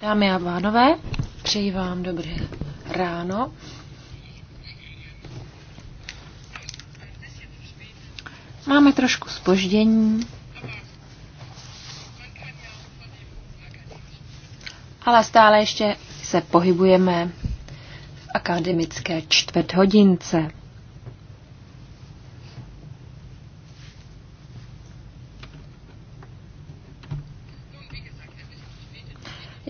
Dámy a pánové, přeji vám dobré ráno. Máme trošku spoždění, ale stále ještě se pohybujeme v akademické čtvrthodince.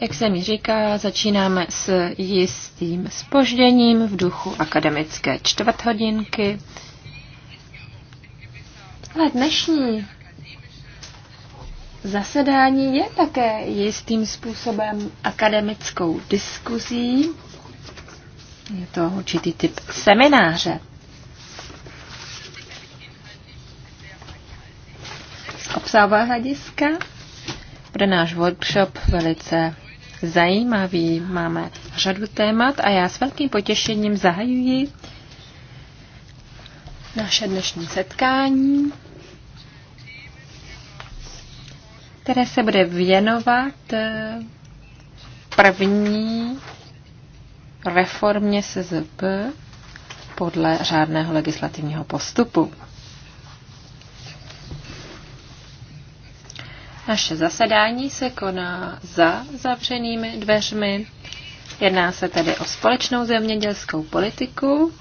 Jak jsem mi říká, začínáme s jistým spožděním v duchu akademické čtvrthodinky. Ale dnešní zasedání je také jistým způsobem akademickou diskuzí. Je to určitý typ semináře. Z obsahového hlediska bude náš workshop velice zajímavý. Máme řadu témat a já s velkým potěšením zahajuji naše dnešní setkání, které se bude věnovat eh, první reformě SZP podle řádného legislativního postupu. Naše zasedání se koná za zavřenými dveřmi. Jedná se tedy o společnou zemědělskou politiku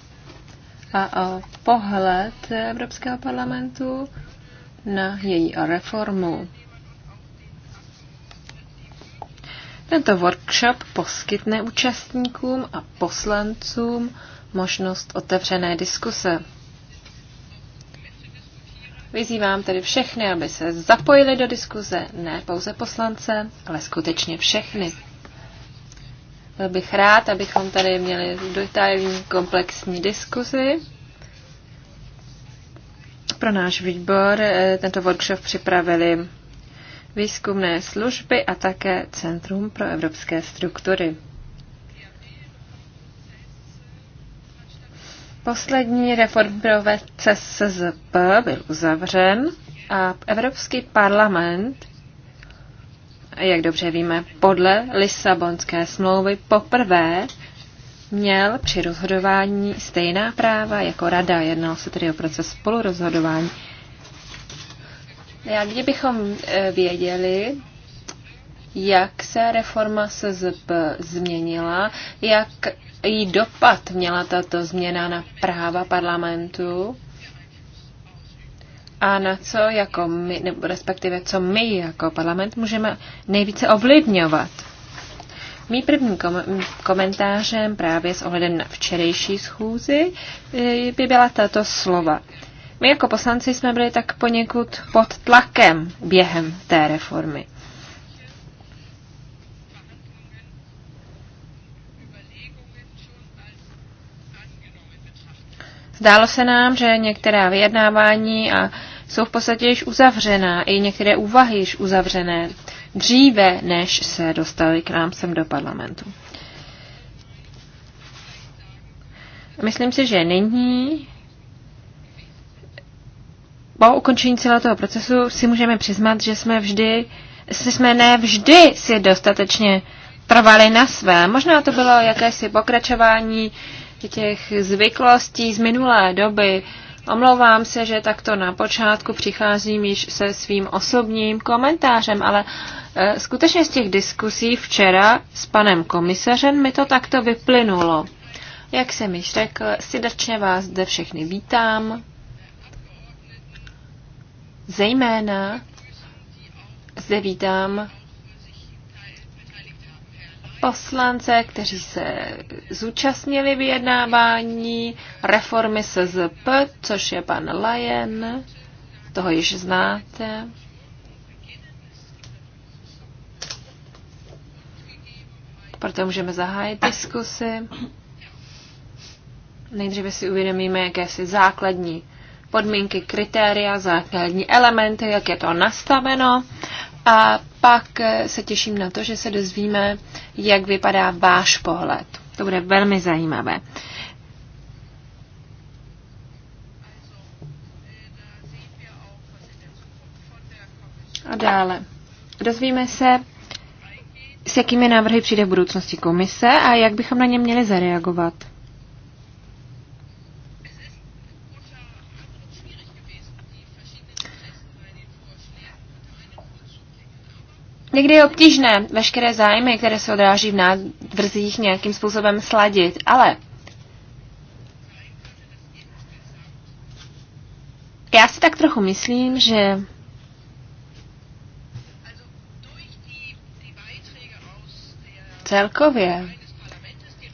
a o pohled Evropského parlamentu na její reformu. Tento workshop poskytne účastníkům a poslancům možnost otevřené diskuse. Vyzývám tedy všechny, aby se zapojili do diskuze, ne pouze poslance, ale skutečně všechny. Byl bych rád, abychom tady měli detailní komplexní diskuzi. Pro náš výbor eh, tento workshop připravili výzkumné služby a také Centrum pro evropské struktury. Poslední reform provece byl uzavřen a Evropský parlament, jak dobře víme, podle Lisabonské smlouvy poprvé měl při rozhodování stejná práva jako rada. Jednalo se tedy o proces spolurozhodování. Jak kdybychom eh, věděli, jak se reforma SZP změnila, jak její dopad měla tato změna na práva parlamentu a na co jako my, nebo respektive co my jako parlament můžeme nejvíce ovlivňovat. Mý prvním komentářem právě s ohledem na včerejší schůzi e, by byla tato slova. My jako poslanci jsme byli tak poněkud pod tlakem během té reformy. Zdálo se nám, že některá vyjednávání a jsou v podstatě již uzavřená, i některé úvahy již uzavřené, dříve než se dostali k nám sem do parlamentu. Myslím si, že nyní po ukončení celého toho procesu si můžeme přiznat, že jsme vždy, jsme ne vždy si dostatečně trvali na své. Možná to bylo jakési pokračování těch zvyklostí z minulé doby. Omlouvám se, že takto na počátku přicházím již se svým osobním komentářem, ale e, skutečně z těch diskusí včera s panem komisařem mi to takto vyplynulo. Jak jsem již řekl, srdečně vás zde všechny vítám. Zejména zde vítám poslance, kteří se zúčastnili vyjednávání reformy SZP, což je pan Lajen, toho již znáte. Proto můžeme zahájit diskusy. Nejdříve si uvědomíme, jaké si základní podmínky, kritéria, základní elementy, jak je to nastaveno. A pak eh, se těším na to, že se dozvíme, jak vypadá váš pohled. To bude velmi zajímavé. A dále. Dozvíme se, s jakými návrhy přijde v budoucnosti komise a jak bychom na ně měli zareagovat. Někdy je obtížné veškeré zájmy, které se odráží v návrzích, nějakým způsobem sladit, ale já si tak trochu myslím, že celkově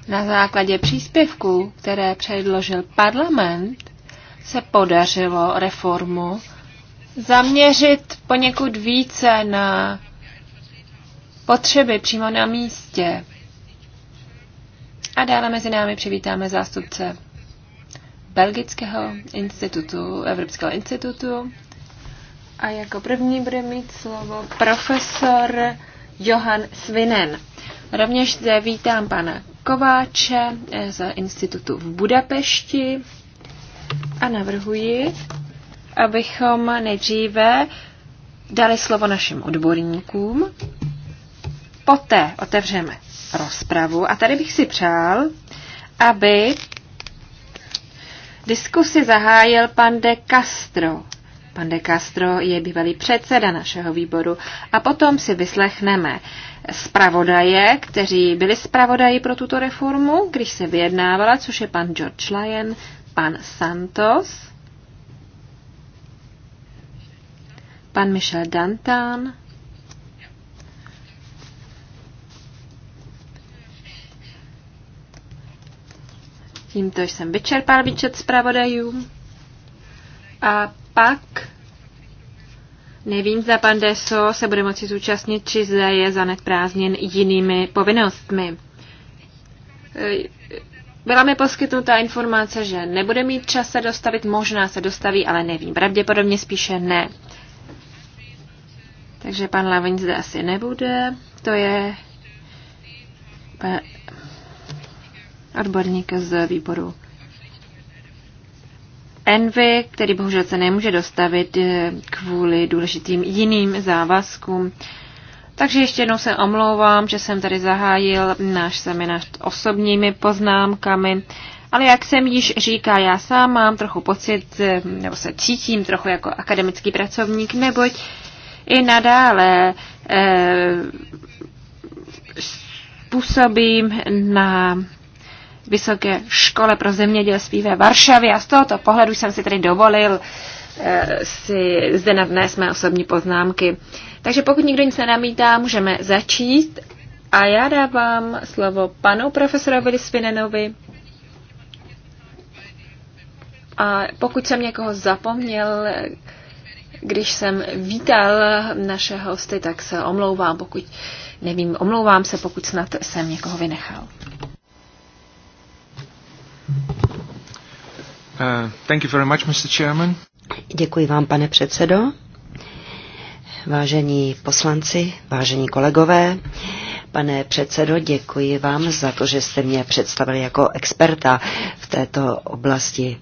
na základě příspěvků, které předložil parlament, se podařilo reformu zaměřit poněkud více na potřeby přímo na místě. A dále mezi námi přivítáme zástupce Belgického institutu, Evropského institutu. A jako první bude mít slovo profesor Johan Svinen. Rovněž zde vítám pana Kováče z institutu v Budapešti a navrhuji, abychom nejdříve dali slovo našim odborníkům Poté otevřeme rozpravu a tady bych si přál, aby diskusi zahájil pan de Castro. Pan de Castro je bývalý předseda našeho výboru a potom si vyslechneme zpravodaje, kteří byli zpravodaji pro tuto reformu, když se vyjednávala, což je pan George Lyon, pan Santos, pan Michel Dantan, Tímto jsem vyčerpal výčet zpravodajů. A pak nevím, zda pan Deso se bude moci zúčastnit, či zda je zanet prázdněn jinými povinnostmi. E, byla mi poskytnuta informace, že nebude mít čas se dostavit, možná se dostaví, ale nevím. Pravděpodobně spíše ne. Takže pan Lavin zde asi nebude. To je odborník z výboru Envy, který bohužel se nemůže dostavit eh, kvůli důležitým jiným závazkům. Takže ještě jednou se omlouvám, že jsem tady zahájil náš seminář osobními poznámkami, ale jak jsem již říká, já sám mám trochu pocit, eh, nebo se cítím trochu jako akademický pracovník, neboť i nadále eh, působím na Vysoké škole pro zemědělství ve Varšavě a z tohoto pohledu jsem si tedy dovolil eh, si zde nadnést mé osobní poznámky. Takže pokud nikdo nic nenamítá, můžeme začít. A já dávám slovo panu profesorovi Svinenovi. A pokud jsem někoho zapomněl, když jsem vítal naše hosty, tak se omlouvám, pokud nevím, omlouvám se, pokud snad jsem někoho vynechal. Uh, thank you very much, Mr. Chairman. Děkuji vám, pane předsedo. Vážení poslanci, vážení kolegové, Pane předsedo, děkuji vám za to, že jste mě představili jako experta v této oblasti.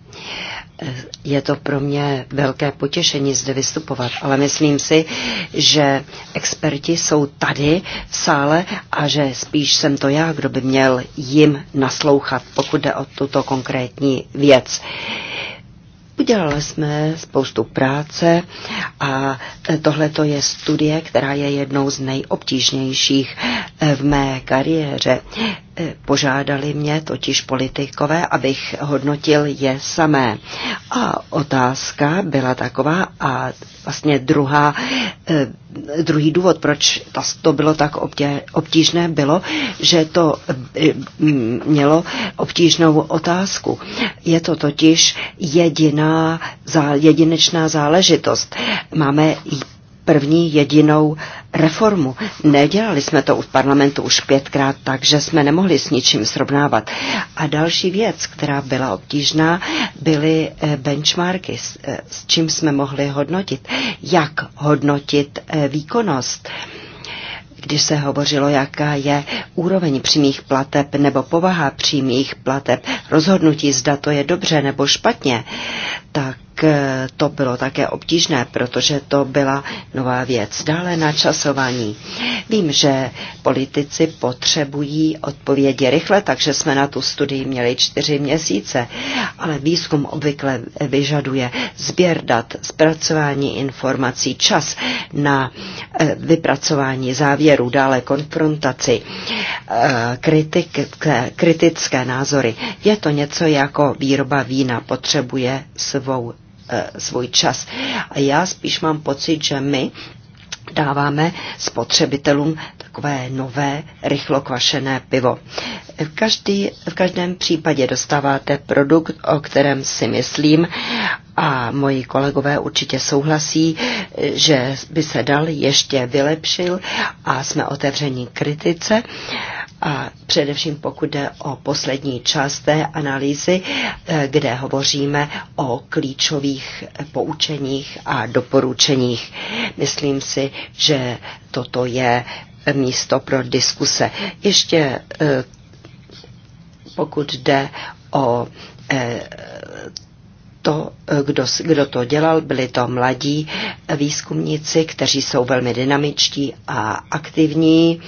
Je to pro mě velké potěšení zde vystupovat, ale myslím si, že experti jsou tady v sále a že spíš jsem to já, kdo by měl jim naslouchat, pokud jde o tuto konkrétní věc. Udělali jsme spoustu práce a tohle je studie, která je jednou z nejobtížnějších v mé kariéře. E, požádali mě totiž politikové, abych hodnotil je samé. A otázka byla taková a vlastně druhá, e, druhý důvod, proč to bylo tak obtížné, bylo, že to e, mělo obtížnou otázku. Je to totiž jediná, jedinečná záležitost. Máme první jedinou reformu. Nedělali jsme to v parlamentu už pětkrát, takže jsme nemohli s ničím srovnávat. A další věc, která byla obtížná, byly eh, benchmarky, eh, s čím jsme mohli hodnotit. Jak hodnotit eh, výkonnost? když se hovořilo, jaká je úroveň přímých plateb nebo povaha přímých plateb, rozhodnutí, zda to je dobře nebo špatně, tak Eh, to bylo také obtížné, protože to byla nová věc. Dále načasování. Vím, že politici potřebují odpovědi rychle, takže jsme na tu studii měli čtyři měsíce, ale výzkum obvykle vyžaduje sběr dat, zpracování informací, čas na eh, vypracování závěrů, dále konfrontaci, eh, kritik, kritické názory. Je to něco jako výroba vína, potřebuje svou Eh, svůj čas. A já spíš mám pocit, že my dáváme spotřebitelům takové nové, rychlo kvašené pivo. V, každý, v každém případě dostáváte produkt, o kterém si myslím, a moji kolegové určitě souhlasí, že by se dal ještě vylepšil a jsme otevření kritice. Uh, a především pokud jde o poslední část té analýzy, eh, kde hovoříme o klíčových poučeních a doporučeních. Myslím si, že toto je místo pro diskuse. Ještě eh, pokud jde o eh, to, kdo, kdo to dělal, byli to mladí výzkumníci, kteří jsou velmi dynamičtí a aktivní.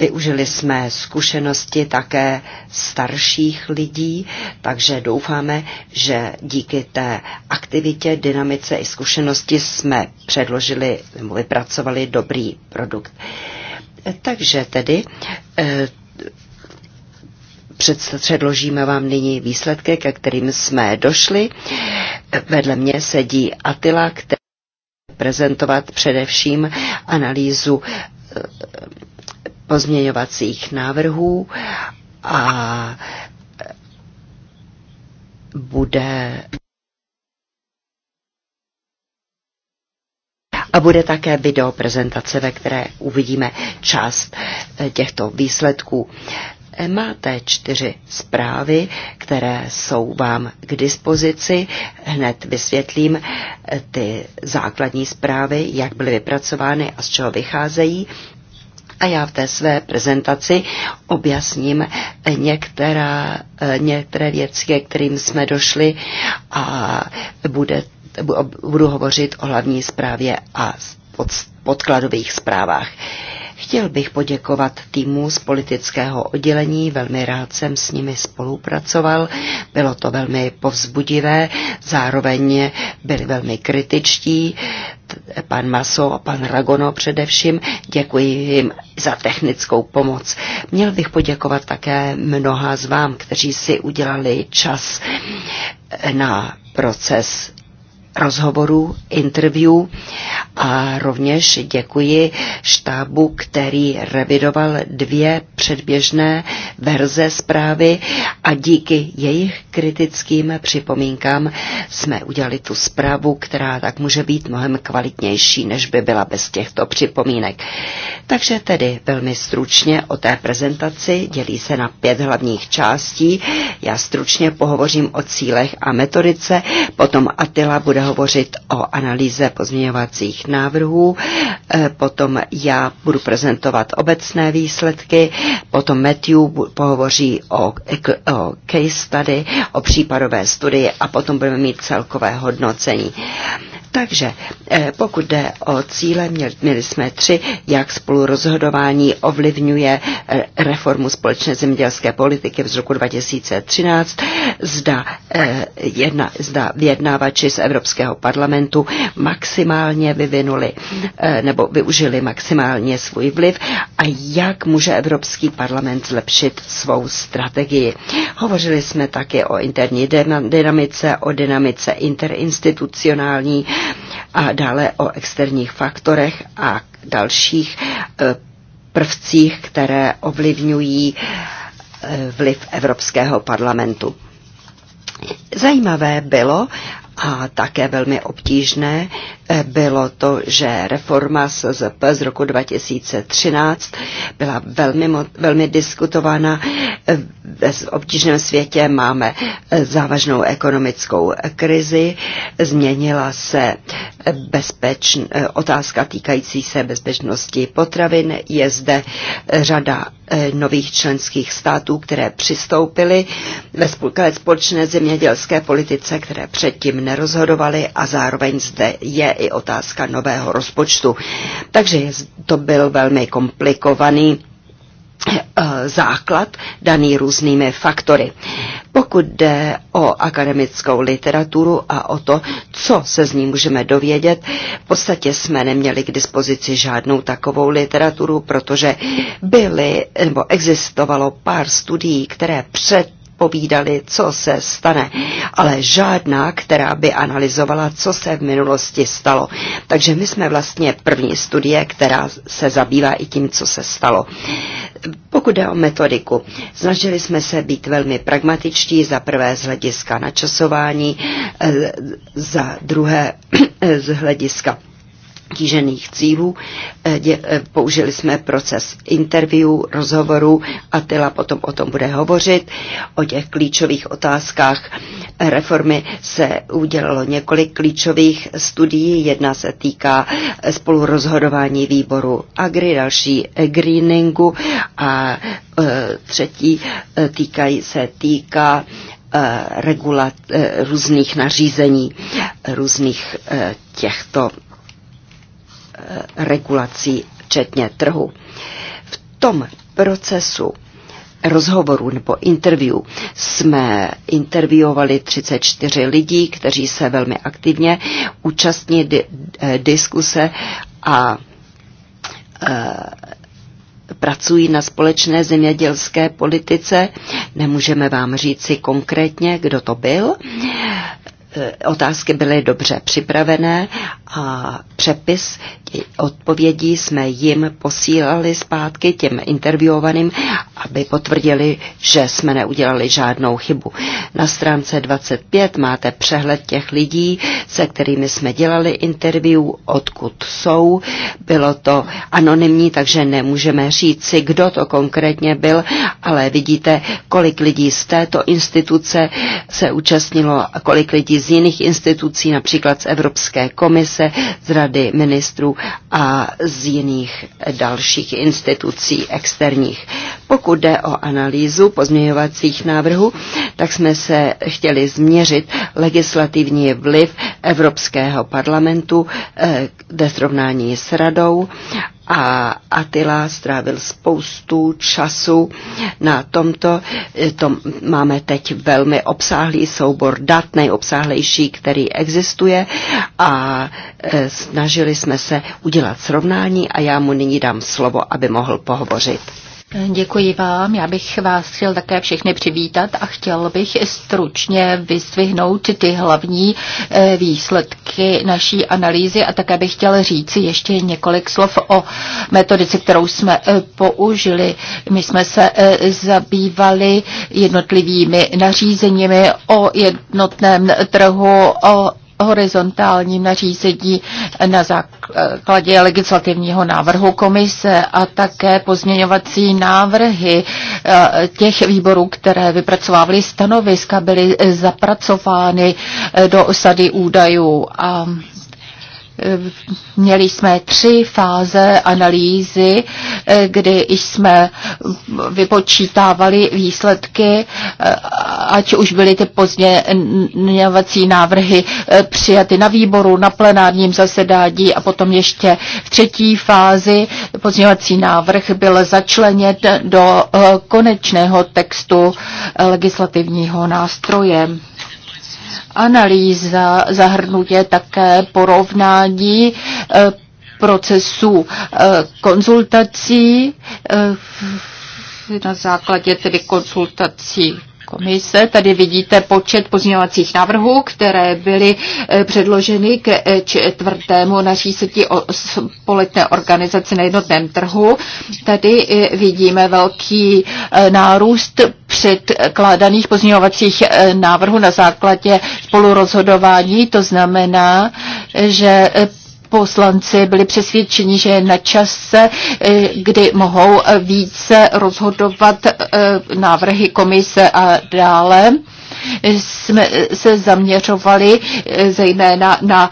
Využili jsme zkušenosti také starších lidí, takže doufáme, že díky té aktivitě, dynamice i zkušenosti jsme předložili nebo vypracovali dobrý produkt. Takže tedy eh, Předložíme vám nyní výsledky, ke kterým jsme došli. Vedle mě sedí Atila, který prezentovat především analýzu eh, pozměňovacích návrhů a bude a bude také video prezentace, ve které uvidíme část eh, těchto výsledků. Eh, máte čtyři zprávy, které jsou vám k dispozici. Hned vysvětlím eh, ty základní zprávy, jak byly vypracovány a z čeho vycházejí a já v té své prezentaci objasním některá, eh, některé věci, ke kterým jsme došli a bude, budu hovořit o hlavní zprávě a podkladových zprávách. Chtěl bych poděkovat týmu z politického oddělení, velmi rád jsem s nimi spolupracoval, bylo to velmi povzbudivé, zároveň byli velmi kritičtí, pan Maso a pan Ragono především, děkuji jim za technickou pomoc. Měl bych poděkovat také mnoha z vám, kteří si udělali čas na proces rozhovorů, interview a rovněž děkuji štábu, který revidoval dvě předběžné verze zprávy a díky jejich kritickým připomínkám jsme udělali tu zprávu, která tak může být mnohem kvalitnější, než by byla bez těchto připomínek. Takže tedy velmi stručně o té prezentaci dělí se na pět hlavních částí. Já stručně pohovořím o cílech a metodice, potom Atila bude bude hovořit o analýze pozměňovacích návrhů, e, potom já budu prezentovat obecné výsledky, potom Matthew pohovoří o, o case study, o případové studii a potom budeme mít celkové hodnocení. Takže eh, pokud jde o cíle, měli jsme tři, jak spolu rozhodování ovlivňuje eh, reformu společné zemědělské politiky z roku 2013, zda, eh, jedna, zda vyjednávači z Evropského parlamentu maximálně vyvinuli nebo využili maximálně svůj vliv a jak může Evropský parlament zlepšit svou strategii. Hovořili jsme také o interní dynamice, o dynamice interinstitucionální, a dále o externích faktorech a dalších e, prvcích, které ovlivňují e, vliv Evropského parlamentu. Zajímavé bylo a také velmi obtížné bylo to, že reforma SZP z roku 2013 byla velmi, velmi diskutována. V obtížném světě máme závažnou ekonomickou krizi, změnila se bezpečn, otázka týkající se bezpečnosti potravin. Je zde řada eh, nových členských států, které přistoupily ve společné zemědělské politice, které předtím nerozhodovaly a zároveň zde je i otázka nového rozpočtu. Takže to byl velmi komplikovaný eh, základ daný různými faktory. Pokud jde o akademickou literaturu a o to, co se z ní můžeme dovědět, v podstatě jsme neměli k dispozici žádnou takovou literaturu, protože byly, nebo existovalo pár studií, které před předpovídali, co se stane, ale žádná, která by analyzovala, co se v minulosti stalo. Takže my jsme vlastně první studie, která se zabývá i tím, co se stalo. Pokud jde o metodiku, snažili jsme se být velmi pragmatičtí, za prvé z hlediska načasování, eh, za druhé z hlediska kýžených cívů. Eh, eh, použili jsme proces interview, rozhovorů. Tyla potom o tom bude hovořit. O těch klíčových otázkách reformy se udělalo několik klíčových studií. Jedna se týká eh, spolurozhodování výboru Agri, další greeningu a třetí týkají, se týká různých nařízení, různých těchto Eh, regulací, včetně trhu. V tom procesu rozhovoru nebo interview jsme interviewovali 34 lidí, kteří se velmi aktivně účastní di- eh, diskuse a e, pracují na společné zemědělské politice. Nemůžeme vám říci konkrétně, kdo to byl. E, otázky byly dobře připravené a přepis odpovědí jsme jim posílali zpátky těm intervjuovaným, aby potvrdili, že jsme neudělali žádnou chybu. Na stránce 25 máte přehled těch lidí, se kterými jsme dělali interview, odkud jsou. Bylo to anonymní, takže nemůžeme říct si, kdo to konkrétně byl, ale vidíte, kolik lidí z této instituce se účastnilo a kolik lidí z jiných institucí, například z Evropské komise, z Rady ministrů a z jiných dalších institucí externích. Pokud jde o analýzu pozměňovacích návrhů, tak jsme se chtěli změřit legislativní vliv Evropského parlamentu eh, ve srovnání s radou a Atila strávil spoustu času na tomto. To máme teď velmi obsáhlý soubor dat, nejobsáhlejší, který existuje a e, snažili jsme se udělat srovnání a já mu nyní dám slovo, aby mohl pohovořit. Děkuji vám. Já bych vás chtěl také všechny přivítat a chtěl bych stručně vyzvihnout ty hlavní eh, výsledky naší analýzy a také bych chtěl říci ještě několik slov o metodice, kterou jsme eh, použili. My jsme se eh, zabývali jednotlivými nařízeními o jednotném trhu, o horizontálním nařízení na základě legislativního návrhu komise a také pozměňovací návrhy eh, těch výborů, které vypracovávaly stanoviska, byly zapracovány eh, do osady údajů. A Měli jsme tři fáze analýzy, eh, kdy jsme vypočítávali výsledky, eh, ať už byly ty pozměňovací návrhy eh, přijaty na výboru, na plenárním zasedání a potom ještě v třetí fázi pozměňovací návrh byl začleněn do konečného textu legislativního nástroje analýza zahrnuje také porovnání eh, procesu eh, konzultací eh, na základě tedy konzultací komise. Tady vidíte počet pozměňovacích návrhů, které byly eh, předloženy k eh, čtvrtému nařízení o společné organizaci na jednotném trhu. Tady eh, vidíme velký nárůst předkládaných pozměňovacích návrhů na základě spolurozhodování. To znamená, že poslanci byli přesvědčeni, že je na čase, eh, kdy mohou eh, více rozhodovat eh, návrhy komise a dále jsme se zaměřovali zejména na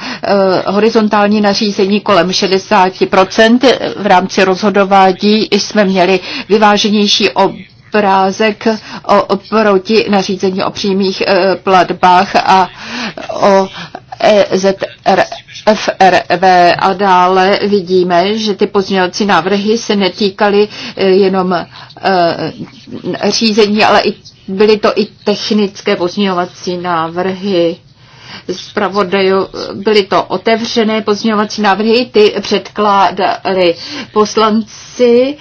horizontální nařízení kolem 60%. V rámci rozhodování jsme měli vyváženější obrázek o, proti nařízení o přímých platbách a o EZRFRV a dále vidíme, že ty pozměňovací návrhy se netýkaly e, jenom e, řízení, ale i, byly to i technické pozměňovací návrhy zpravodajů, byly to otevřené pozměňovací návrhy, ty předkládali poslanci,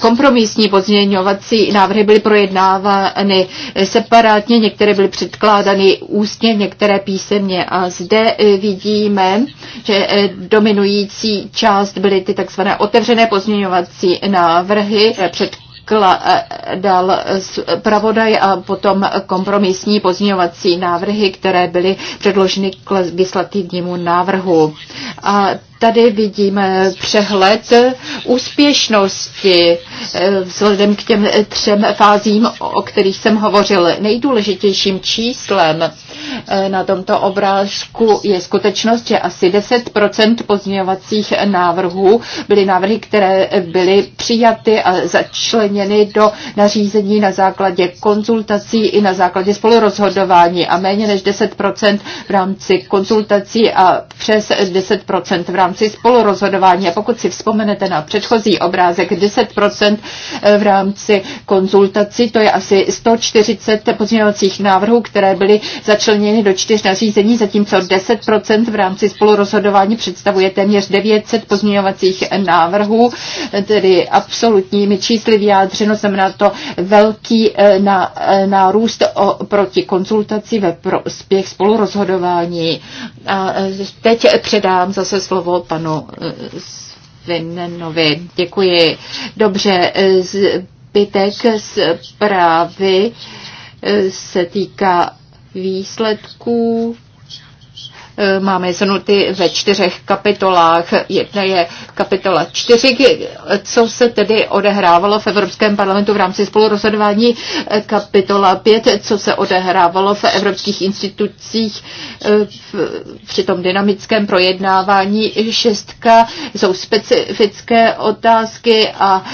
kompromisní pozměňovací návrhy byly projednávány separátně, některé byly předkládány ústně, některé písemně. A zde e, vidíme, že e, dominující část byly ty takzvané otevřené pozměňovací návrhy před dal pravodaj a potom kompromisní pozměňovací návrhy, které byly předloženy k legislativnímu návrhu. A tady vidíme eh, přehled úspěšnosti eh, vzhledem k těm eh, třem fázím, o kterých jsem hovořil. Nejdůležitějším číslem na tomto obrázku je skutečnost, že asi 10 pozměňovacích návrhů byly návrhy, které byly přijaty a začleněny do nařízení na základě konzultací i na základě spolurozhodování a méně než 10 v rámci konzultací a přes 10 v rámci rámci spolurozhodování. A pokud si vzpomenete na předchozí obrázek, 10% eh, v rámci konzultací, to je asi 140 pozměňovacích návrhů, které byly začleněny do čtyř nařízení, zatímco 10% v rámci spolurozhodování představuje téměř 900 pozměňovacích návrhů, tedy absolutními čísly vyjádřeno, znamená to velký eh, eh, nárůst proti konzultaci ve prospěch spolurozhodování. A teď předám zase slovo slovo panu eh, Svinenovi. Děkuji. Dobře, eh, zbytek zprávy eh, se týká výsledků Eh, máme zhrnuty ve čtyřech kapitolách. Jedna je kapitola čtyři, co se tedy odehrávalo v Evropském parlamentu v rámci spolurozhodování, eh, kapitola pět, co se odehrávalo v evropských institucích eh, při tom dynamickém projednávání, šestka jsou specifické otázky a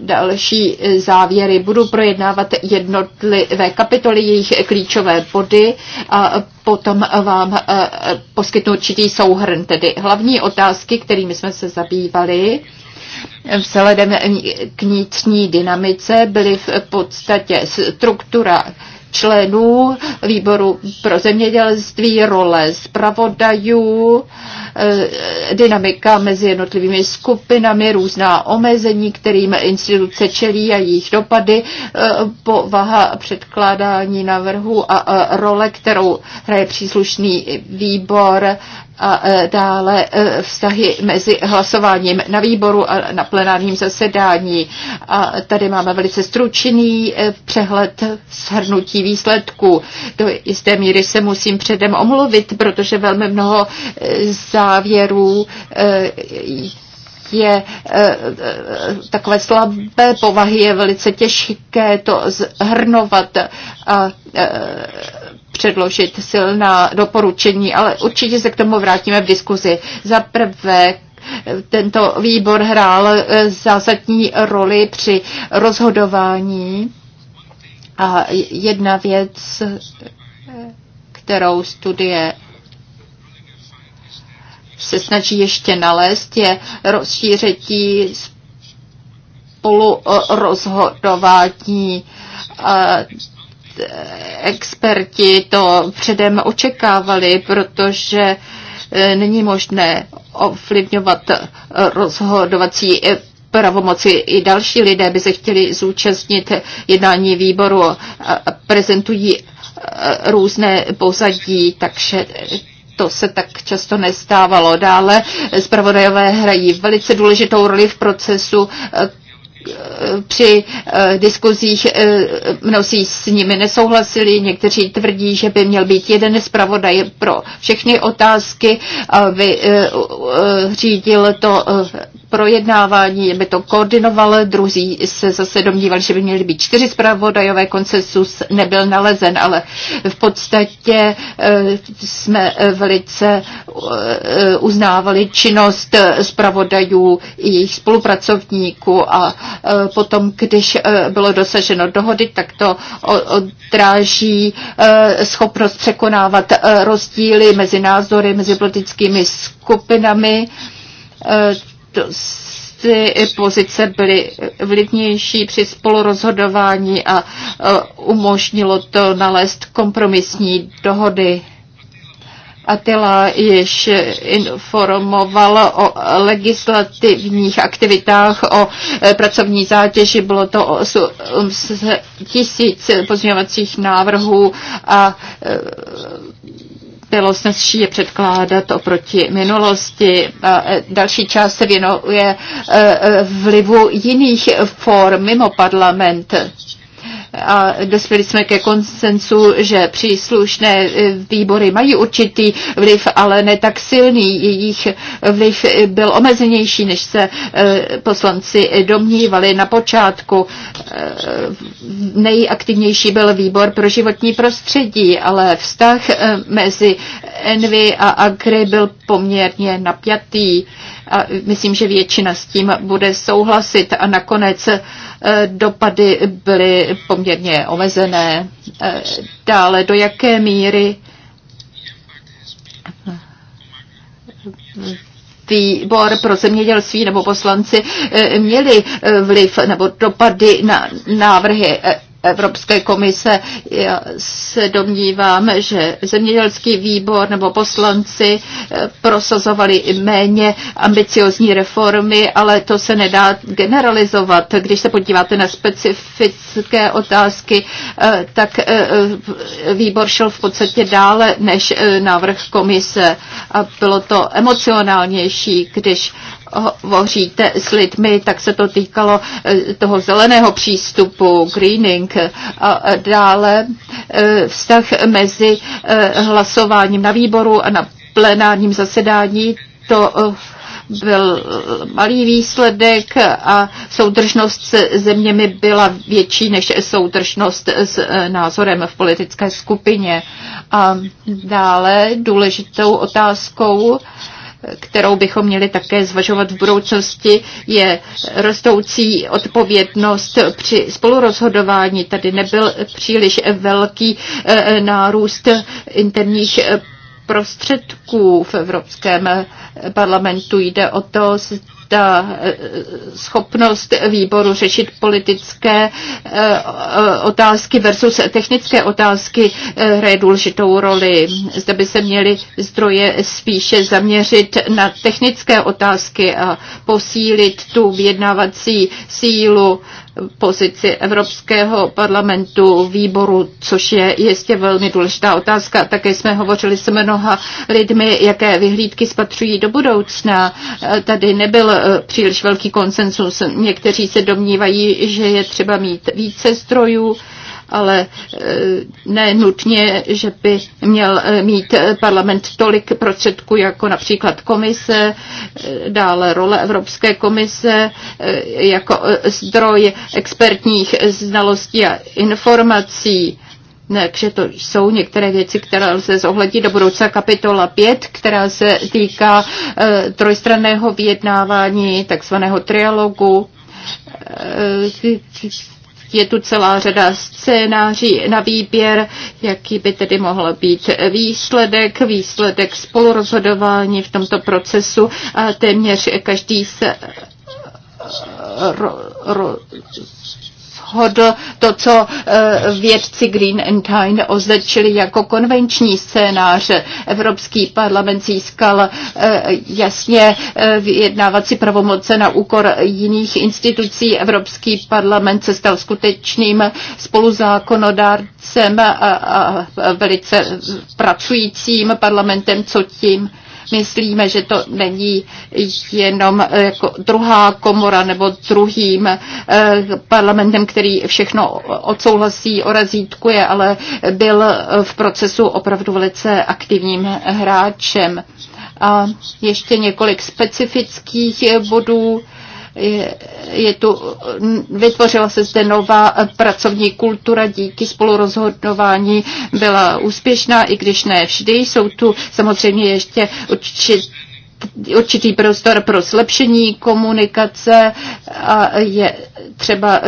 další závěry. Budu projednávat jednotlivé kapitoly, jejich klíčové body a potom vám Eh, poskytnu určitý souhrn, tedy hlavní otázky, kterými jsme se zabývali, vzhledem k vnitřní dynamice byly v podstatě struktura členů výboru pro zemědělství, role zpravodajů, eh, dynamika mezi jednotlivými skupinami, různá omezení, kterým instituce čelí a jejich dopady, eh, povaha předkládání návrhu a role, kterou hraje příslušný výbor, a e, dále e, vztahy mezi hlasováním na výboru a na plenárním zasedání. A tady máme velice stručný e, přehled shrnutí výsledků. Do jisté míry se musím předem omluvit, protože velmi mnoho závěrů je takové slabé povahy, je velice těžké to zhrnovat a předložit silná doporučení, ale určitě se k tomu vrátíme v diskuzi. Za prvé, tento výbor hrál eh, zásadní roli při rozhodování a jedna věc, eh, kterou studie se snaží ještě nalézt, je rozšířetí spolurozhodování. Eh, experti to předem očekávali, protože e, není možné ovlivňovat rozhodovací e, pravomoci. I další lidé by se chtěli zúčastnit jednání výboru a prezentují e, různé pozadí, takže to se tak často nestávalo. Dále zpravodajové hrají velice důležitou roli v procesu při eh, diskuzích eh, mnozí s nimi nesouhlasili, někteří tvrdí, že by měl být jeden zpravodaj pro všechny otázky, aby eh, řídil to projednávání, aby to koordinoval, Druzí se zase domnívali, že by měly být čtyři zpravodajové, konsensus nebyl nalezen, ale v podstatě eh, jsme eh, velice eh, uznávali činnost zpravodajů i jejich spolupracovníků a potom, když bylo dosaženo dohody, tak to odráží schopnost překonávat rozdíly mezi názory, mezi politickými skupinami ty pozice byly vlivnější při spolurozhodování a e, umožnilo to nalézt kompromisní dohody. Atila již informoval o legislativních aktivitách, o e, pracovní zátěži. Bylo to 8 tisíc pozměňovacích návrhů a e, bylo snazší je předkládat oproti minulosti. A e, další část se věnuje e, e, vlivu jiných form mimo parlament a dospěli jsme ke konsensu, že příslušné e, výbory mají určitý vliv, ale ne tak silný. Jejich vliv byl omezenější, než se e, poslanci domnívali na počátku. E, nejaktivnější byl výbor pro životní prostředí, ale vztah mezi Envy a Agri byl poměrně napjatý a myslím, že většina s tím bude souhlasit a nakonec eh, dopady byly poměrně omezené. Eh, dále, do jaké míry výbor pro zemědělství nebo poslanci eh, měli vliv nebo dopady na návrhy Evropské komise. Já se domnívám, že zemědělský výbor nebo poslanci eh, prosazovali i méně ambiciozní reformy, ale to se nedá generalizovat. Když se podíváte na specifické otázky, eh, tak eh, výbor šel v podstatě dále než návrh komise a bylo to emocionálnější, když hovoříte s lidmi, tak se to týkalo eh, toho zeleného přístupu, greening a dále eh, vztah mezi eh, hlasováním na výboru a na plenárním zasedání. To byl malý výsledek a soudržnost s zeměmi byla větší než soudržnost s názorem v politické skupině. A dále důležitou otázkou kterou bychom měli také zvažovat v budoucnosti, je rostoucí odpovědnost při spolurozhodování. Tady nebyl příliš velký eh, nárůst interních prostředků v Evropském parlamentu. Jde o to, ta eh, schopnost výboru řešit politické eh, otázky versus technické otázky eh, hraje důležitou roli. Zde by se měly zdroje spíše zaměřit na technické otázky a posílit tu vyjednávací sílu pozici Evropského parlamentu výboru, což je jistě velmi důležitá otázka. Také jsme hovořili s mnoha lidmi, jaké vyhlídky spatřují do budoucna. Tady nebyl eh, příliš velký konsensus. Někteří se domnívají, že je třeba mít více zdrojů ale e, ne nutně, že by měl e, mít parlament tolik prostředků jako například komise, e, dále role Evropské komise jako zdroj expertních znalostí a informací. Takže to jsou některé věci, které lze zohlednit do budoucna. Kapitola 5, která se týká e, trojstranného vyjednávání, takzvaného trialogu. E, je tu celá řada scénáří na výběr, jaký by tedy mohl být výsledek, výsledek spolurozhodování v tomto procesu. A téměř každý se ro, ro, Hodl to, co eh, vědci Green Time označili jako konvenční scénář. Evropský parlament získal eh, jasně eh, vyjednávací pravomoce na úkor jiných institucí. Evropský parlament se stal skutečným spoluzákonodárcem a velice pracujícím parlamentem, co tím myslíme, že to není jenom eh, jako druhá komora nebo druhým eh, parlamentem, který všechno odsouhlasí, orazítkuje, ale byl eh, v procesu opravdu velice aktivním hráčem. A ještě několik specifických bodů je tu, vytvořila se zde nová pracovní kultura díky spolurozhodování, byla úspěšná, i když ne vždy. Jsou tu samozřejmě ještě určitě určitý prostor pro zlepšení komunikace a je třeba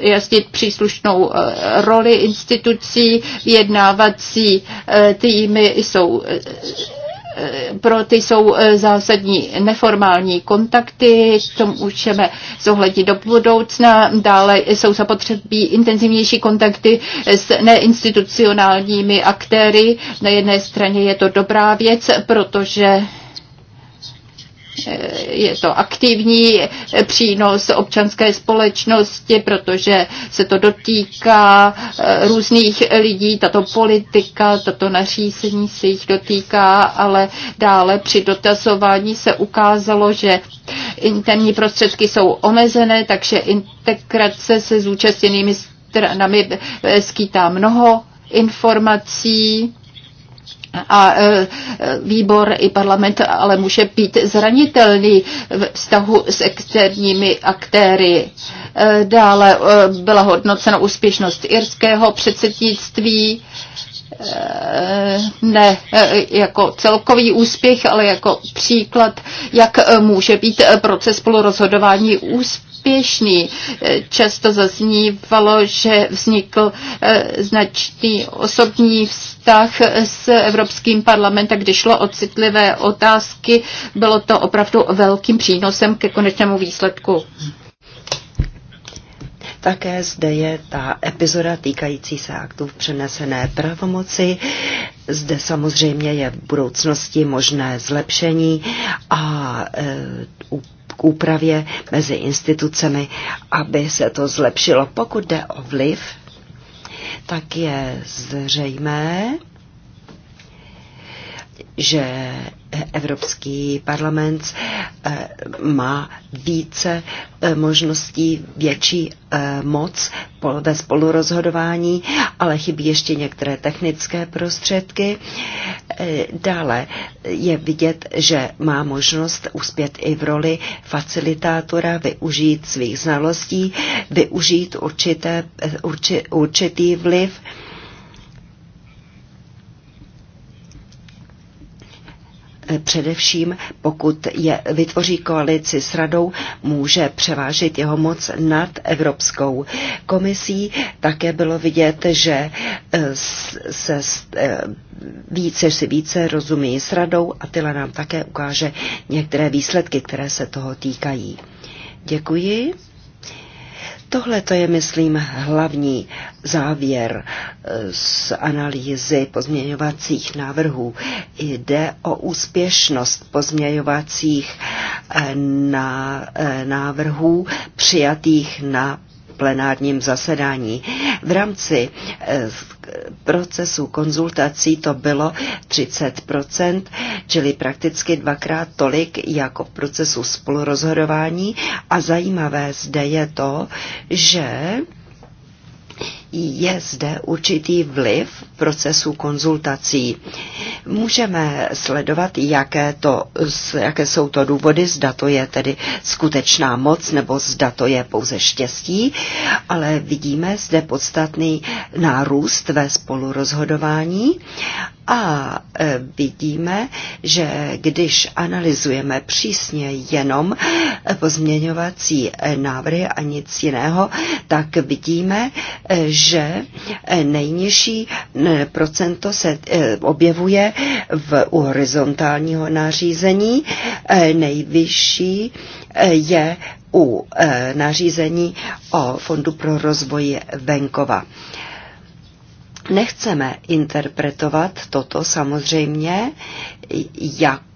vyjasnit příslušnou eh, roli institucí, vyjednávací eh, týmy jsou eh, pro ty jsou eh, zásadní neformální kontakty, co můžeme zohlednit do budoucna. Dále jsou zapotřebí intenzivnější kontakty s neinstitucionálními aktéry. Na jedné straně je to dobrá věc, protože je to aktivní přínos občanské společnosti, protože se to dotýká eh, různých lidí, tato politika, tato nařízení se jich dotýká, ale dále při dotazování se ukázalo, že interní prostředky jsou omezené, takže integrace se zúčastněnými stranami eh, skýtá mnoho informací a e, e, výbor i parlament ale může být zranitelný v vztahu s externími aktéry. E, dále byla hodnocena úspěšnost irského předsednictví, ne jako celkový úspěch, ale jako příklad, jak může být proces spolurozhodování úspěšný úspěšný. Eh, Často zaznívalo, že vznikl eh, značný osobní vztah s Evropským parlamentem, když šlo o citlivé otázky. Bylo to opravdu velkým přínosem ke konečnému výsledku. Také zde je ta epizoda týkající se aktů v přenesené pravomoci. Zde samozřejmě je v budoucnosti možné zlepšení a e, k úpravě mezi institucemi, aby se to zlepšilo. Pokud jde o vliv, tak je zřejmé, že Evropský parlament eh, má více eh, možností, větší eh, moc ve spolurozhodování, ale chybí ještě některé technické prostředky. Dále je vidět, že má možnost uspět i v roli facilitátora, využít svých znalostí, využít určité, urči, určitý vliv Eh, především, pokud je, vytvoří koalici s radou, může převážit jeho moc nad Evropskou komisí. Také bylo vidět, že eh, se eh, více, si více rozumí s radou a Tyla nám také ukáže některé výsledky, které se toho týkají. Děkuji. Tohle to je, myslím, hlavní závěr eh, z analýzy pozměňovacích návrhů. Jde o úspěšnost pozměňovacích eh, eh, návrhů přijatých na plenárním zasedání. V rámci eh, procesu konzultací to bylo 30%, čili prakticky dvakrát tolik jako v procesu spolurozhodování. A zajímavé zde je to, že je zde určitý vliv procesu konzultací. Můžeme sledovat, jaké, to, jaké jsou to důvody, zda to je tedy skutečná moc nebo zda to je pouze štěstí, ale vidíme zde podstatný nárůst ve spolurozhodování a e, vidíme, že když analyzujeme přísně jenom pozměňovací e, návrhy a nic jiného, tak vidíme, e, že nejnižší procento se eh, objevuje v, u horizontálního nařízení, eh, nejvyšší eh, je u nařízení o Fondu pro rozvoj venkova. Nechceme interpretovat toto samozřejmě jako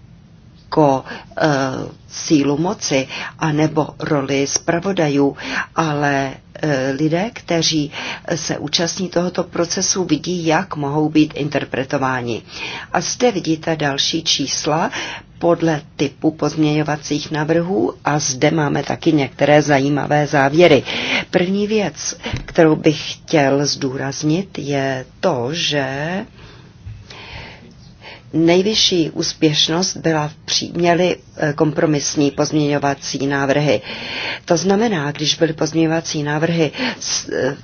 jako e, sílu moci a nebo roli zpravodajů, ale e, lidé, kteří se účastní tohoto procesu, vidí, jak mohou být interpretováni. A zde vidíte další čísla podle typu pozměňovacích návrhů a zde máme taky některé zajímavé závěry. První věc, kterou bych chtěl zdůraznit, je to, že Nejvyšší úspěšnost byla příměli eh, kompromisní pozměňovací návrhy. To znamená, když byly pozměňovací návrhy eh, eh,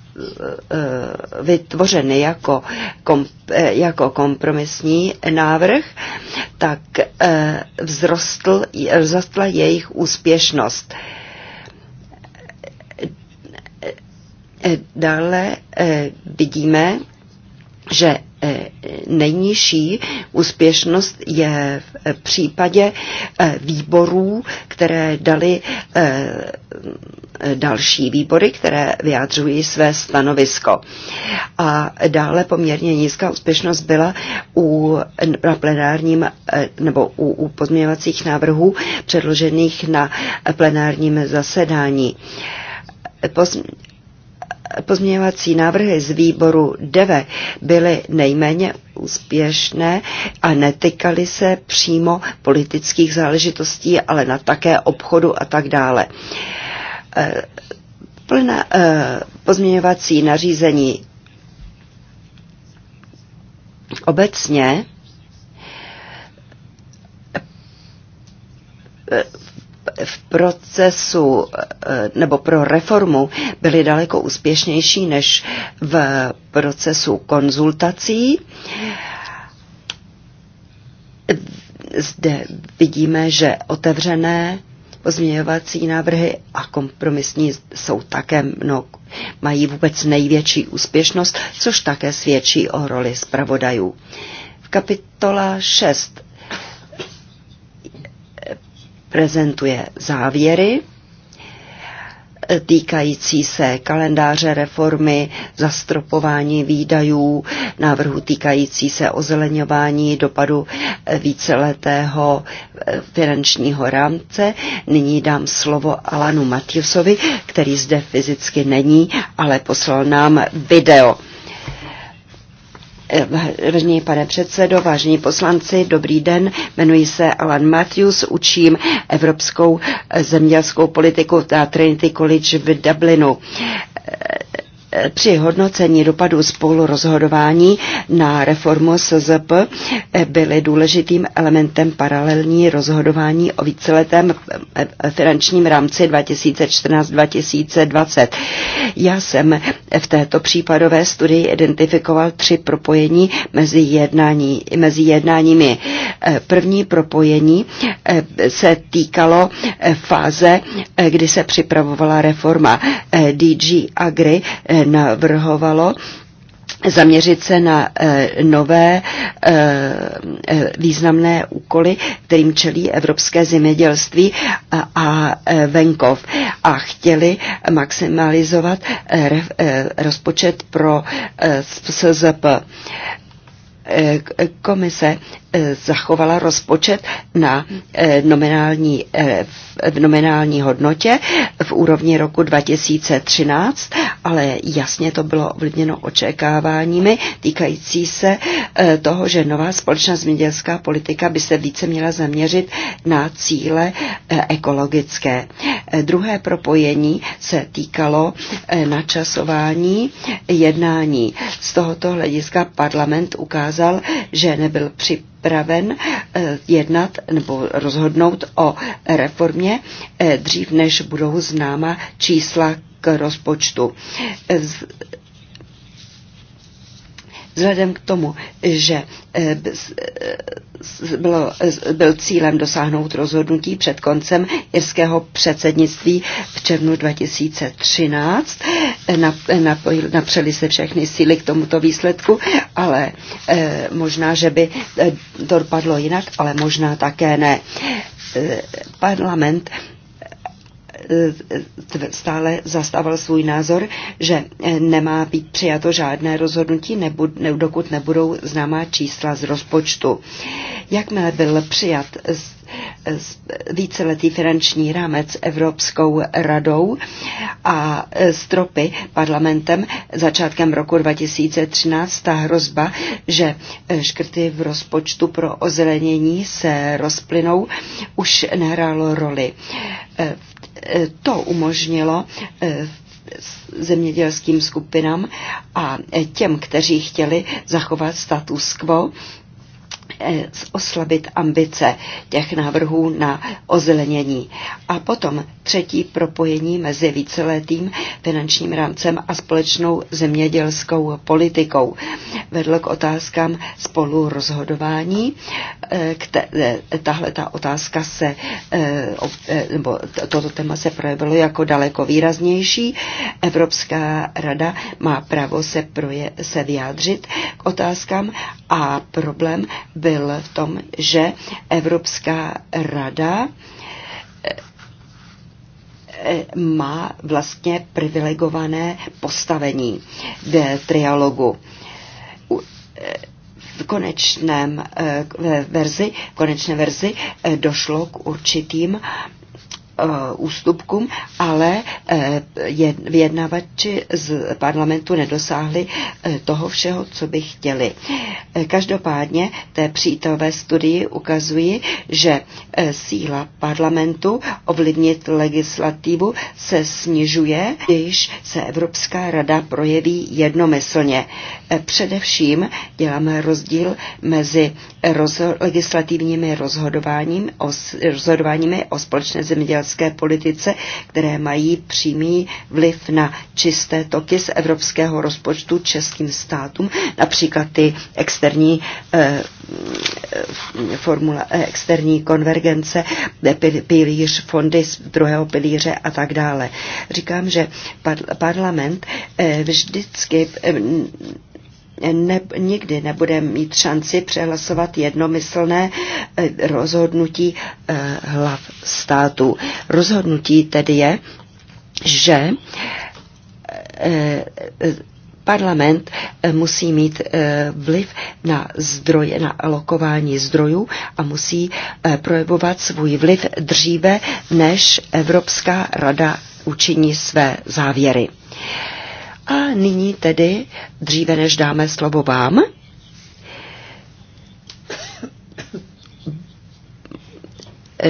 vytvořeny jako, kom, jako kompromisní návrh, tak vzrostl, vzrostla jejich úspěšnost. Dále vidíme, že Eh, nejnižší úspěšnost je v případě eh, výborů, které dali eh, další výbory, které vyjádřují své stanovisko. A dále poměrně nízká úspěšnost byla u, na plenárním nebo u, u pozměňovacích návrhů předložených na plenárním zasedání pozměňovací návrhy z výboru DEVE byly nejméně úspěšné a netykaly se přímo politických záležitostí, ale na také obchodu a tak dále. Eh, Plná eh, pozměňovací nařízení obecně v procesu eh, nebo pro reformu byli daleko úspěšnější než v procesu konzultací. Zde vidíme, že otevřené pozměňovací návrhy a kompromisní jsou také mno, mají vůbec největší úspěšnost, což také svědčí o roli zpravodajů. V kapitola 6 prezentuje závěry eh, týkající se kalendáře reformy, zastropování výdajů, návrhu týkající se ozeleňování dopadu eh, víceletého eh, finančního rámce. Nyní dám slovo Alanu Matiusovi, který zde fyzicky není, ale poslal nám video. Vážený pane předsedo, vážení poslanci, dobrý den. Jmenuji se Alan Matthews, učím evropskou zemědělskou politiku na Trinity College v Dublinu při hodnocení dopadů spolurozhodování na reformu SZP byly důležitým elementem paralelní rozhodování o víceletém finančním rámci 2014-2020. Já jsem v této případové studii identifikoval tři propojení mezi, jednání, mezi jednáními. První propojení eh, se týkalo eh, fáze, eh, kdy se připravovala reforma DG Agri navrhovalo zaměřit se na nové významné úkoly, kterým čelí evropské zemědělství a venkov. A chtěli maximalizovat rozpočet pro SZP komise Eh, zachovala rozpočet na eh, nominální, eh, v nominální hodnotě v úrovni roku 2013, ale jasně to bylo ovlivněno očekáváními týkající se toho, že nová společná zemědělská politika by se více měla zaměřit na cíle ekologické. Druhé propojení se týkalo načasování jednání. Z tohoto hlediska parlament ukázal, že nebyl připraven připraven eh, jednat nebo rozhodnout o reformě eh, dřív, než budou známa čísla k rozpočtu. Eh, Vzhledem k tomu, že eh, eh, bylo, byl cílem dosáhnout rozhodnutí před koncem irského předsednictví v červnu 2013, eh, napřeli se všechny síly k tomuto výsledku, ale možná, že by to dopadlo jinak, ale možná také ne parlament Eh, stále zastával svůj názor, že eh, nemá být přijato žádné rozhodnutí, nebud, dokud nebudou známá čísla z rozpočtu. Jakmile byl přijat z, z, víceletý finanční rámec Evropskou radou a eh, stropy parlamentem začátkem roku 2013, ta hrozba, že škrty v rozpočtu pro ozelenění se rozplynou, už nehrálo roli. V to umožnilo eh, zemědělským skupinám a těm, kteří chtěli zachovat status quo, Eh, oslabit ambice těch návrhů na ozelenění. A potom třetí propojení mezi víceletým finančním rámcem a společnou zemědělskou politikou vedlo k otázkám spolu rozhodování. Eh, eh, tahle ta otázka se, nebo toto téma se projevilo jako daleko výraznější. Evropská rada má právo se, proje, se vyjádřit k otázkám a problém byl v tom, že Evropská rada eh, má vlastně privilegované postavení v trialogu. Eh, v konečném eh, verzi, v konečné verzi došlo k určitým Eh, ústupkům, ale eh, vyjednavači z parlamentu nedosáhli eh, toho všeho, co by chtěli. Každopádně té přítelové studii ukazují, že síla parlamentu ovlivnit legislativu se snižuje, když se Evropská rada projeví jednomyslně. Především děláme rozdíl mezi rozho- legislativními rozhodováním o, rozhodováními o společné zemědělství evropské politice, které mají přímý vliv na čisté toky z evropského rozpočtu českým státům, například ty externí eh, eh formula, eh, externí konvergence, eh, pilíř, fondy z druhého pilíře a tak dále. Říkám, že parlament vždycky ne, nikdy nebude mít šanci přehlasovat jednomyslné eh, rozhodnutí eh, hlav států. Rozhodnutí tedy je, že eh, parlament musí mít vliv na zdroje, na alokování zdrojů a musí projevovat svůj vliv dříve, než Evropská rada učiní své závěry. A nyní tedy, dříve než dáme slovo vám,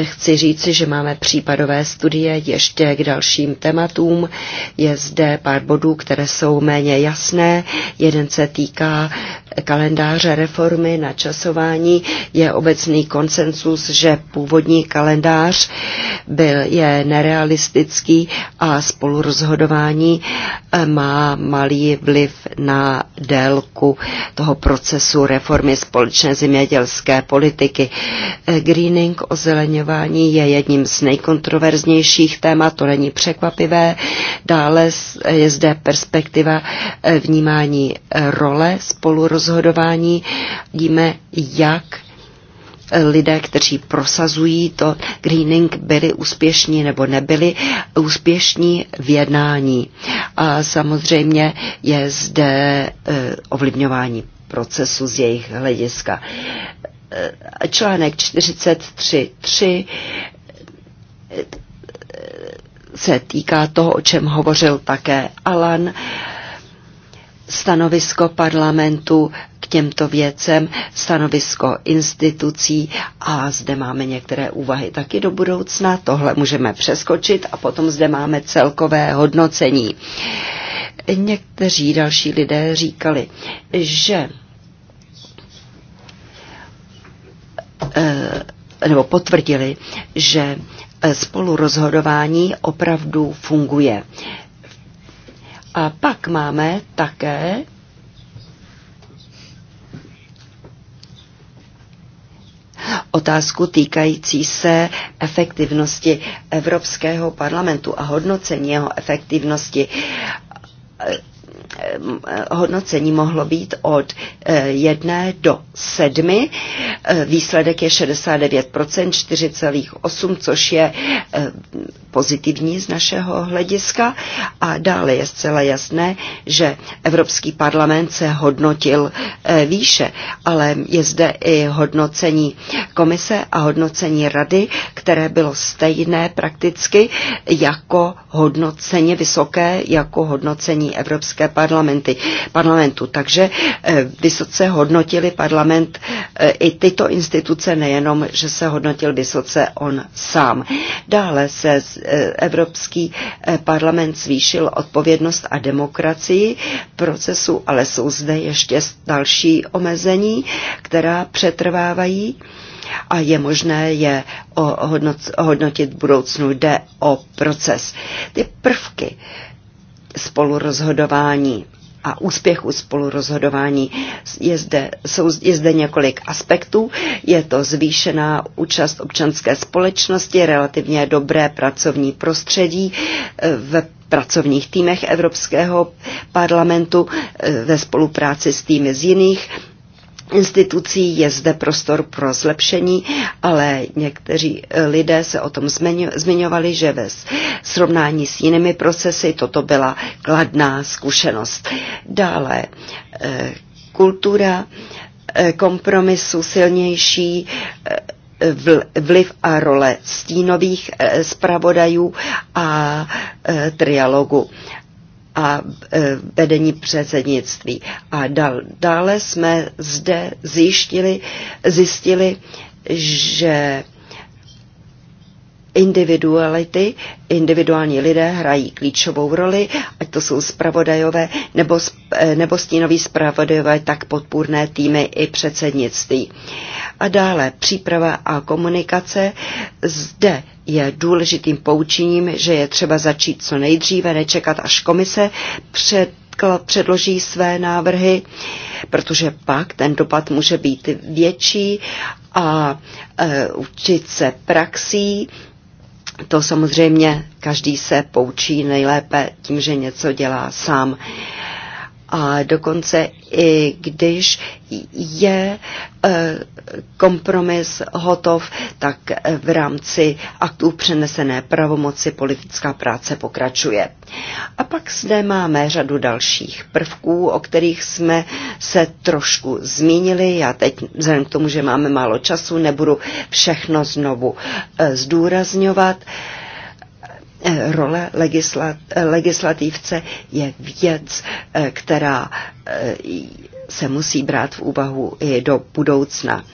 Chci říci, že máme případové studie ještě k dalším tématům. Je zde pár bodů, které jsou méně jasné. Jeden se týká kalendáře reformy, na časování je obecný konsensus, že původní kalendář byl, je nerealistický a spolurozhodování eh, má malý vliv na délku toho procesu reformy společné zemědělské politiky. Eh, greening, ozeleňování je jedním z nejkontroverznějších témat, to není překvapivé. Dále je zde perspektiva eh, vnímání role spolurozhodování rozhodování víme, jak lidé, kteří prosazují to greening, byli úspěšní nebo nebyli úspěšní v jednání. A samozřejmě je zde eh, ovlivňování procesu z jejich hlediska. Eh, článek 43.3 eh, se týká toho, o čem hovořil také Alan stanovisko parlamentu k těmto věcem, stanovisko institucí a zde máme některé úvahy taky do budoucna. Tohle můžeme přeskočit a potom zde máme celkové hodnocení. Někteří další lidé říkali, že eh, nebo potvrdili, že eh, spolurozhodování opravdu funguje. A pak máme také otázku týkající se efektivnosti Evropského parlamentu a hodnocení jeho efektivnosti Eh, hodnocení mohlo být od eh, jedné do sedmi. Eh, výsledek je 69%, 4,8, což je pozitivní z našeho hlediska. A dále je zcela jasné, že Evropský parlament se hodnotil výše, ale je zde i hodnocení komise a hodnocení rady, které bylo stejné prakticky jako hodnocení vysoké, jako hodnocení Evropské parlamentu parlamenty, parlamentu. Takže eh, vysoce hodnotili parlament eh, i tyto instituce, nejenom, že se hodnotil vysoce on sám. Dále se eh, Evropský parlament zvýšil odpovědnost a demokracii procesu, ale jsou zde ještě další omezení, která přetrvávají a je možné je hodnotit v budoucnu. Jde o proces. Ty prvky, spolurozhodování a úspěchu spolurozhodování. Je zde, jsou, je zde několik aspektů. Je to zvýšená účast občanské společnosti, relativně dobré pracovní prostředí eh, v pracovních týmech Evropského parlamentu eh, ve spolupráci s týmy z jiných institucí je zde prostor pro zlepšení, ale někteří lidé se o tom zmiňovali, že ve srovnání s jinými procesy toto byla kladná zkušenost. Dále eh, kultura eh, kompromisu silnější eh, vliv a role stínových zpravodajů a trialogu a e, vedení předsednictví. A dal, dále jsme zde zjištili, zjistili, že individuality, individuální lidé hrají klíčovou roli, ať to jsou spravodajové nebo, eh, nebo stínoví spravodajové, tak podpůrné týmy i předsednictví. A dále příprava a komunikace. Zde je důležitým poučením, že je třeba začít co nejdříve, nečekat až komise před předloží své návrhy, protože pak ten dopad může být větší a e, učit se praxí to samozřejmě každý se poučí nejlépe tím, že něco dělá sám. Uh, a dokonce i když je e, kompromis hotov, tak e, v rámci aktů přenesené pravomoci politická práce pokračuje. A pak zde máme řadu dalších prvků, o kterých jsme se trošku zmínili. Já teď, vzhledem k tomu, že máme málo času, nebudu všechno znovu e, zdůrazňovat. Role legislat, legislativce je věc, eh, která eh, se musí brát v úvahu i do budoucna.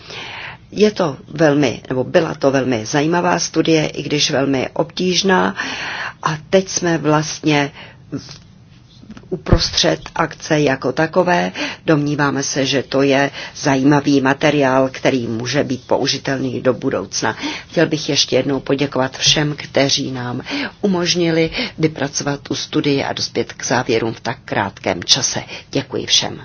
Je to velmi, nebo byla to velmi zajímavá studie, i když velmi obtížná. A teď jsme vlastně v uprostřed akce jako takové. Domníváme se, že to je zajímavý materiál, který může být použitelný do budoucna. Chtěl bych ještě jednou poděkovat všem, kteří nám umožnili vypracovat tu studii a dospět k závěrům v tak krátkém čase. Děkuji všem.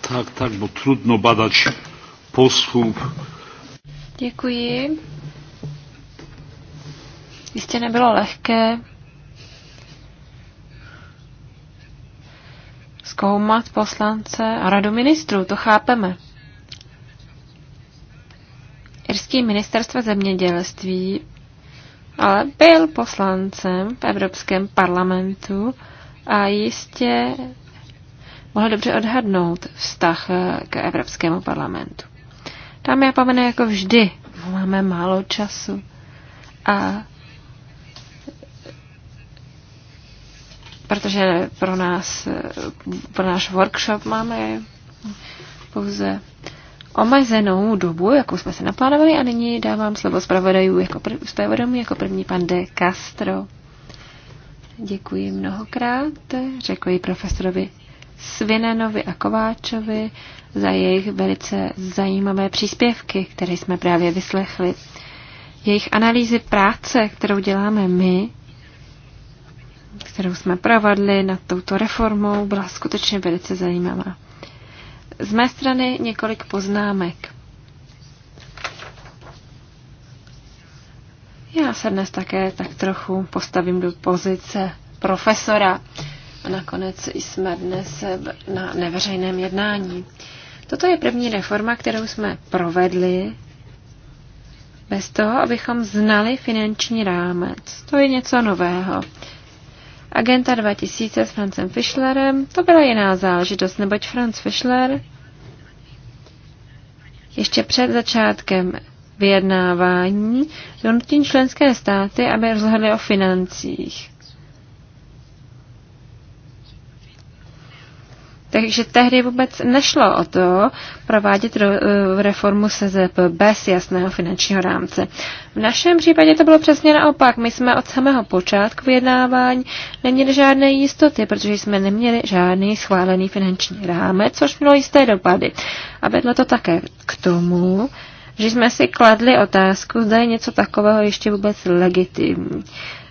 Tak, tak, bo trudno badať posłów. Děkuji. Jistě nebylo lehké zkoumat poslance a radu ministrů, to chápeme. Irský ministerstvo zemědělství ale byl poslancem v Evropském parlamentu a jistě mohl dobře odhadnout vztah eh, k Evropskému parlamentu. Tam je pomene jako vždy, máme málo času a protože pro nás, pro náš workshop máme pouze omezenou dobu, jakou jsme se naplánovali a nyní dávám slovo zpravodajů jako, prv, jako první pan de Castro. Děkuji mnohokrát, řekl profesorovi Svinenovi a Kováčovi za jejich velice zajímavé příspěvky, které jsme právě vyslechli. Jejich analýzy práce, kterou děláme my, kterou jsme provedli nad touto reformou, byla skutečně velice zajímavá. Z mé strany několik poznámek. Já se dnes také tak trochu postavím do pozice profesora. A nakonec jsme dnes na neveřejném jednání. Toto je první reforma, kterou jsme provedli bez toho, abychom znali finanční rámec. To je něco nového. Agenta 2000 s Francem Fischlerem, to byla jiná záležitost, neboť Franz Fischler ještě před začátkem vyjednávání donutil členské státy, aby rozhodly o financích. Takže tehdy vůbec nešlo o to provádět eh, reformu SZP bez jasného finančního rámce. V našem případě to bylo přesně naopak. My jsme od samého počátku vyjednávání neměli žádné jistoty, protože jsme neměli žádný schválený finanční rámec, což mělo jisté dopady. A vedlo to také k tomu, že jsme si kladli otázku, zda je něco takového ještě vůbec legitimní.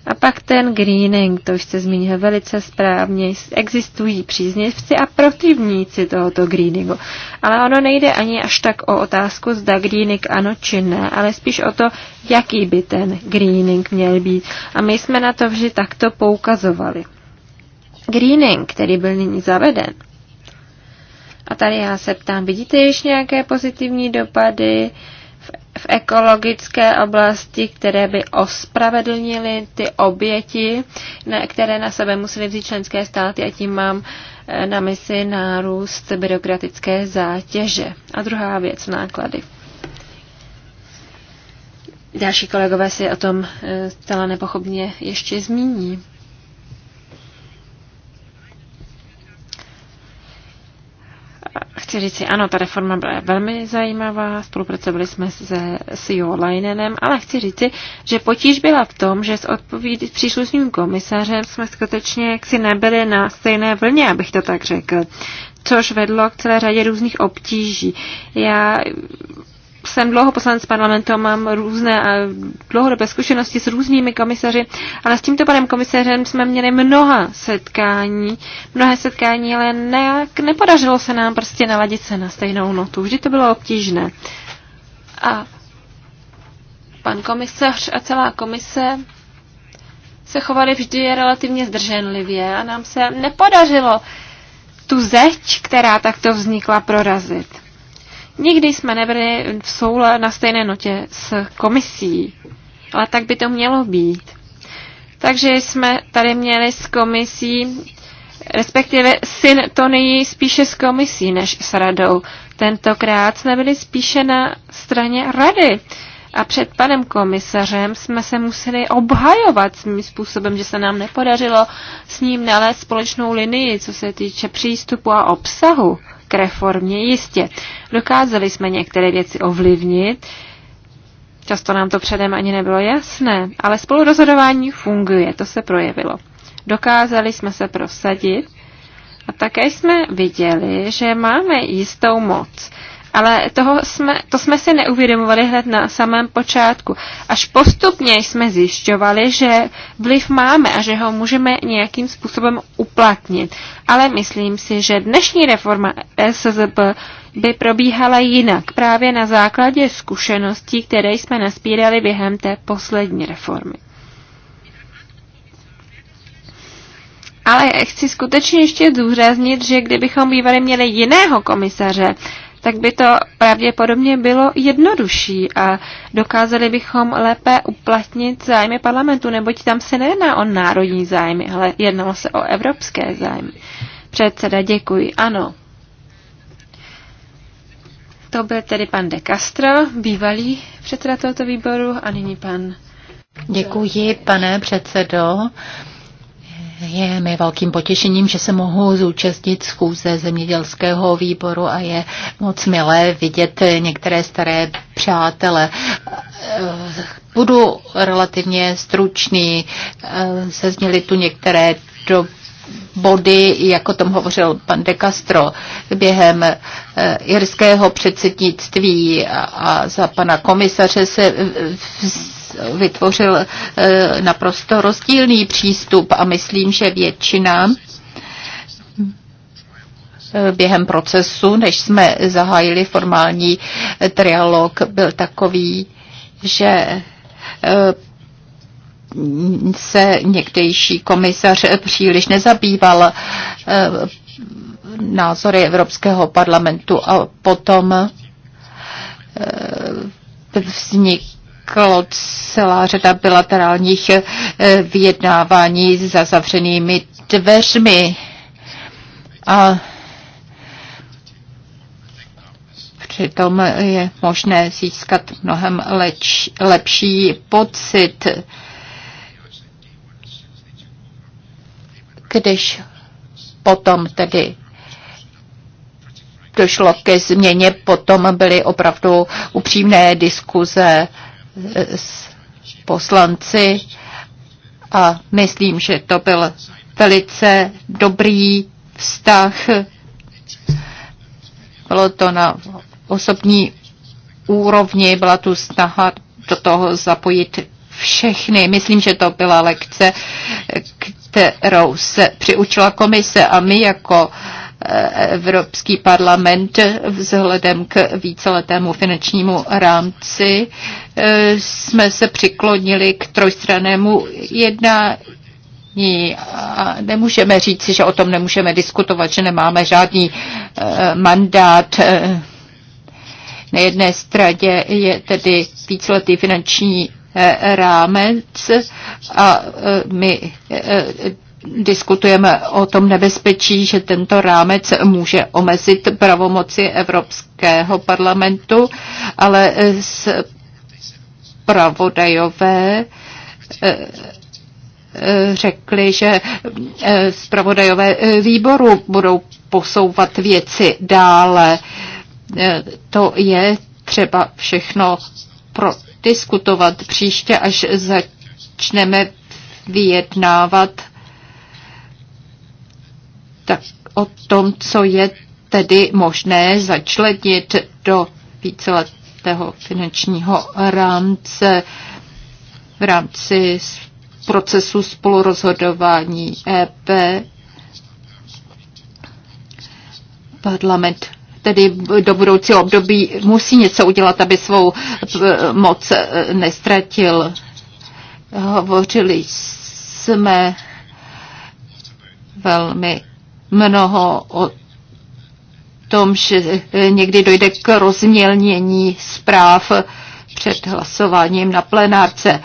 A pak ten greening, to už jste zmínil velice správně, existují příznivci a protivníci tohoto greeningu. Ale ono nejde ani až tak o otázku, zda greening ano či ne, ale spíš o to, jaký by ten greening měl být. A my jsme na to vždy takto poukazovali. Greening, který byl nyní zaveden, a tady já se ptám, vidíte ještě nějaké pozitivní dopady? Uh, v ekologické oblasti, které by ospravedlnily ty oběti, které na sebe musely vzít členské státy a tím mám eh, na mysli nárůst byrokratické zátěže. A druhá věc, náklady. Další kolegové si o tom eh, zcela nepochopně ještě zmíní. chci říct si, ano, ta reforma byla velmi zajímavá, spolupracovali jsme se, s Jo e Leinenem, ale chci si, že potíž byla v tom, že s odpovědí s příslušným komisařem jsme skutečně jaksi nebyli na stejné vlně, abych to tak řekl což vedlo k celé řadě různých obtíží. Já jsem dlouho poslanec parlamentu, mám různé a eh, dlouhodobé zkušenosti s různými komisaři, ale s tímto panem komisařem jsme měli mnoha setkání, mnohé setkání, ale ne, nepodařilo se nám prostě naladit se na stejnou notu. Vždy to bylo obtížné. A pan komisař a celá komise se chovali vždy relativně zdrženlivě a nám se nepodařilo tu zeď, která takto vznikla, prorazit. Nikdy jsme nebyli v soule na stejné notě s komisí, ale tak by to mělo být. Takže jsme tady měli s komisí, respektive syntonii spíše s komisí než s radou. Tentokrát jsme byli spíše na straně rady. A před panem komisařem jsme se museli obhajovat svým způsobem, že se nám nepodařilo s ním nalézt společnou linii, co se týče přístupu a obsahu k reformě. Jistě, dokázali jsme některé věci ovlivnit, často nám to předem ani nebylo jasné, ale spolurozhodování funguje, to se projevilo. Dokázali jsme se prosadit a také jsme viděli, že máme jistou moc ale toho jsme, to jsme si neuvědomovali hned na samém počátku. Až postupně jsme zjišťovali, že vliv máme a že ho můžeme nějakým způsobem uplatnit. Ale myslím si, že dnešní reforma SZB by probíhala jinak, právě na základě zkušeností, které jsme naspírali během té poslední reformy. Ale chci skutečně ještě zúřaznit, že kdybychom bývali měli jiného komisaře, tak by to pravděpodobně bylo jednodušší a dokázali bychom lépe uplatnit zájmy parlamentu, neboť tam se nejedná o národní zájmy, ale jednalo se o evropské zájmy. Předseda, děkuji. Ano. To byl tedy pan de Castro, bývalý předseda tohoto výboru a nyní pan Děkuji, pane předsedo. Je mi velkým potěšením, že se mohu zúčastnit schůze zemědělského výboru a je moc milé vidět některé staré přátele. Budu relativně stručný, sezněli tu některé do body, jako tom hovořil pan de Castro, během jirského eh, předsednictví a za pana komisaře se vytvořil eh, naprosto rozdílný přístup a myslím, že většina eh, během procesu, než jsme zahájili formální eh, trialog, byl takový, že se někdejší komisař příliš nezabýval názory Evropského parlamentu a potom vznik vzniklo celá řada bilaterálních eh, vyjednávání za zavřenými dveřmi. A přitom je možné získat mnohem leč, lepší pocit, když potom tedy došlo ke změně, potom byly opravdu upřímné diskuze s poslanci a myslím, že to byl velice dobrý vztah. Bylo to na osobní úrovni, byla tu snaha do toho zapojit všechny. Myslím, že to byla lekce, kterou se přiučila komise a my jako uh, Evropský parlament vzhledem k víceletému finančnímu rámci eh, jsme se přiklonili k trojstranému jednání a nemůžeme říci, že o tom nemůžeme diskutovat, že nemáme žádný eh, mandát. Eh. Na jedné straně je tedy víceletý finanční rámec a my diskutujeme o tom nebezpečí, že tento rámec může omezit pravomoci Evropského parlamentu, ale pravodajové eh, eh, řekli, že eh, zpravodajové výboru budou posouvat věci dále. To je třeba všechno prodiskutovat příště, až začneme vyjednávat tak o tom, co je tedy možné začlenit do víceletého finančního rámce v rámci procesu spolurozhodování EP. Parlament tedy do budoucího období musí něco udělat, aby svou moc e, nestratil. Hovořili jsme velmi mnoho o tom, že eh, někdy dojde k rozmělnění zpráv před hlasováním na plenárce.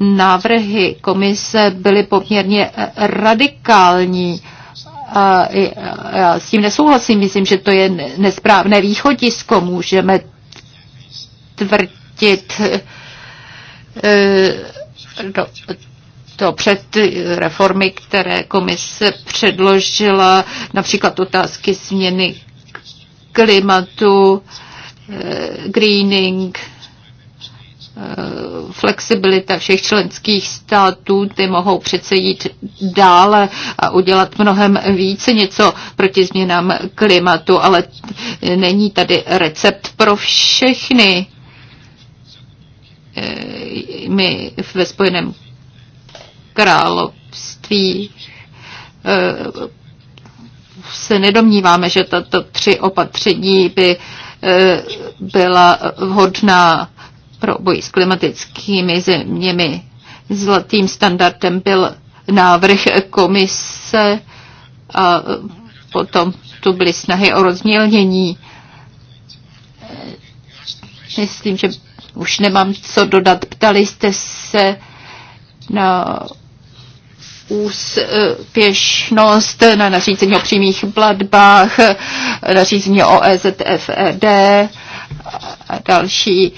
Návrhy komise byly poměrně eh, radikální. A já s tím nesouhlasím, myslím, že to je nesprávné východisko. Můžeme tvrdit, eh, to před reformy, které komise předložila, například otázky změny klimatu, eh, greening, eh, flexibilita všech členských států, ty mohou přece jít dále a udělat mnohem více něco proti změnám klimatu, ale není tady recept pro všechny. Eh, my ve Spojeném království eh, se nedomníváme, že tato tři opatření by eh, byla vhodná pro boj s klimatickými zeměmi. Zlatým standardem byl návrh komise a potom tu byly snahy o rozmělnění. Myslím, že už nemám co dodat. Ptali jste se na úspěšnost na nařízení o přímých platbách, nařízení o EZFED a další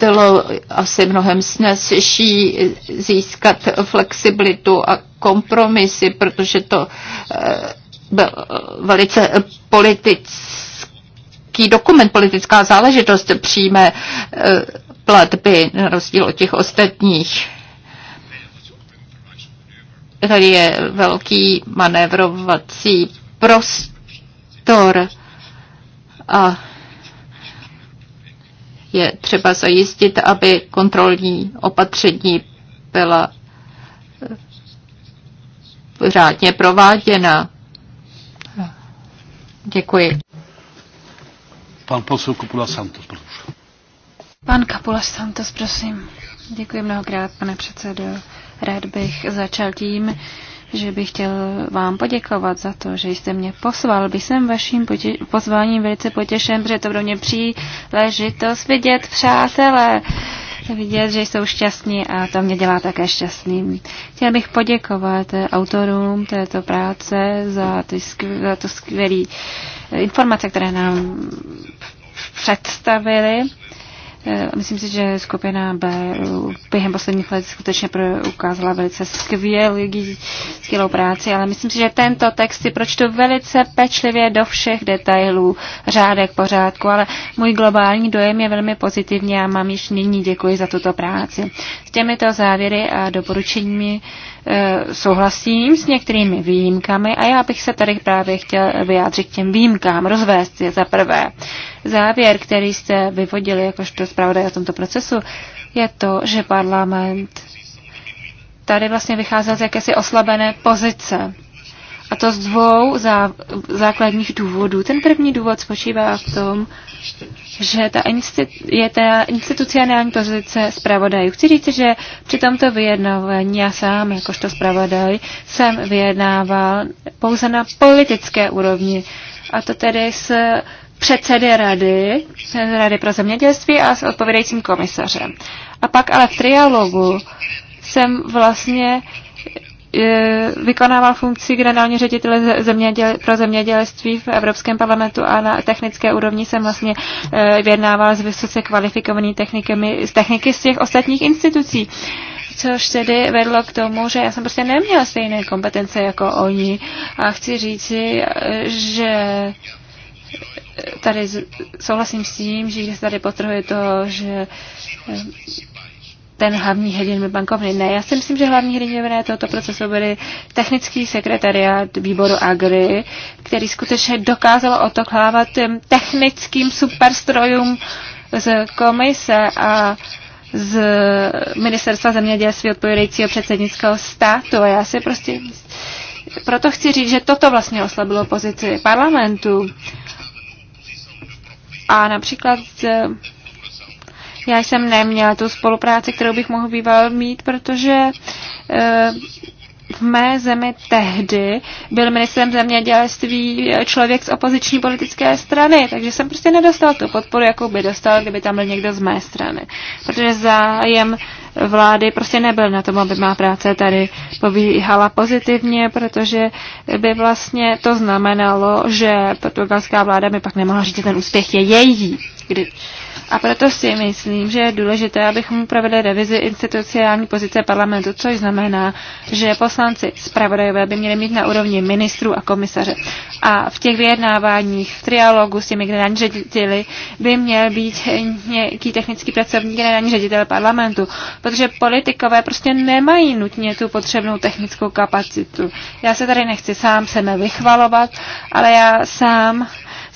bylo asi mnohem snazší získat flexibilitu a kompromisy, protože to eh, byl velice politický dokument, politická záležitost přijme eh, platby, na rozdíl od těch ostatních tady je velký manévrovací prostor a je třeba zajistit, aby kontrolní opatření byla eh, řádně prováděna. Děkuji. Pan posl Kupula Santos, prosím. Pan Kapula Santos, prosím. Děkuji mnohokrát, pane předsedo. Rád bych začal tím, že bych chtěl vám poděkovat za to, že jste mě poslal. Bych jsem vaším pozváním velice potěšen, protože to pro mě příležitost vidět přátelé, vidět, že jsou šťastní a to mě dělá také šťastným. Chtěl bych poděkovat autorům této práce za, ty za to skvělé eh, informace, které nám představili. Eh, myslím si, že skupina B eh, během posledních let skutečně ukázala velice skvělý, skvělou práci, ale myslím si, že tento text si pročtu velice pečlivě do všech detailů, řádek, pořádku, ale můj globální dojem je velmi pozitivní a mám již nyní děkuji za tuto práci. S těmito závěry a doporučeními Eh, souhlasím s některými výjimkami a já bych se tady právě chtěl vyjádřit těm výjimkám, rozvést je za prvé. Závěr, který jste vyvodili jakožto zpravodaj o tomto procesu, je to, že parlament tady vlastně vycházel z jakési oslabené pozice. A to z dvou zá, základních důvodů. Ten první důvod spočívá v tom, že ta je ta institucionální pozice zpravodajů. Chci říct, že při tomto vyjednávání já sám, jakožto zpravodaj, jsem vyjednával pouze na politické úrovni. A to tedy s předsedy rady, rady pro zemědělství a s odpovědajícím komisařem. A pak ale v trialogu jsem vlastně E, vykonával funkci generální ředitele zeměděl, pro zemědělství v Evropském parlamentu a na technické úrovni jsem vlastně e, vyjednával s vysoce kvalifikovanými technikami, z techniky z těch ostatních institucí což tedy vedlo k tomu, že já jsem prostě neměla stejné kompetence jako oni. A chci říci, e, že tady souhlasím s tím, že se tady potrhuje to, že ten hlavní hrdin bankovny. Ne, já si myslím, že hlavní hrdinové tohoto procesu byly technický sekretariat výboru Agri, který skutečně dokázal otoklávat těm technickým superstrojům z komise a z ministerstva zemědělství odpovědajícího předsednického státu. A já si prostě proto chci říct, že toto vlastně oslabilo pozici parlamentu. A například já jsem neměla tu spolupráci, kterou bych mohl býval mít, protože eh, v mé zemi tehdy byl ministrem zemědělství člověk z opoziční politické strany, takže jsem prostě nedostal tu podporu, jakou by dostal, kdyby tam byl někdo z mé strany. Protože zájem vlády prostě nebyl na tom, aby má práce tady povíhala pozitivně, protože by vlastně to znamenalo, že portugalská vláda by pak nemohla říct, že ten úspěch je její. Když a proto si myslím, že je důležité, abychom provedli revizi institucionální pozice parlamentu, což znamená, že poslanci zpravodajové by měli mít na úrovni ministrů a komisaře. A v těch vyjednáváních, v trialogu s těmi generální řediteli by měl být nějaký technický pracovník generální ředitel parlamentu, protože politikové prostě nemají nutně tu potřebnou technickou kapacitu. Já se tady nechci sám sebe vychvalovat, ale já sám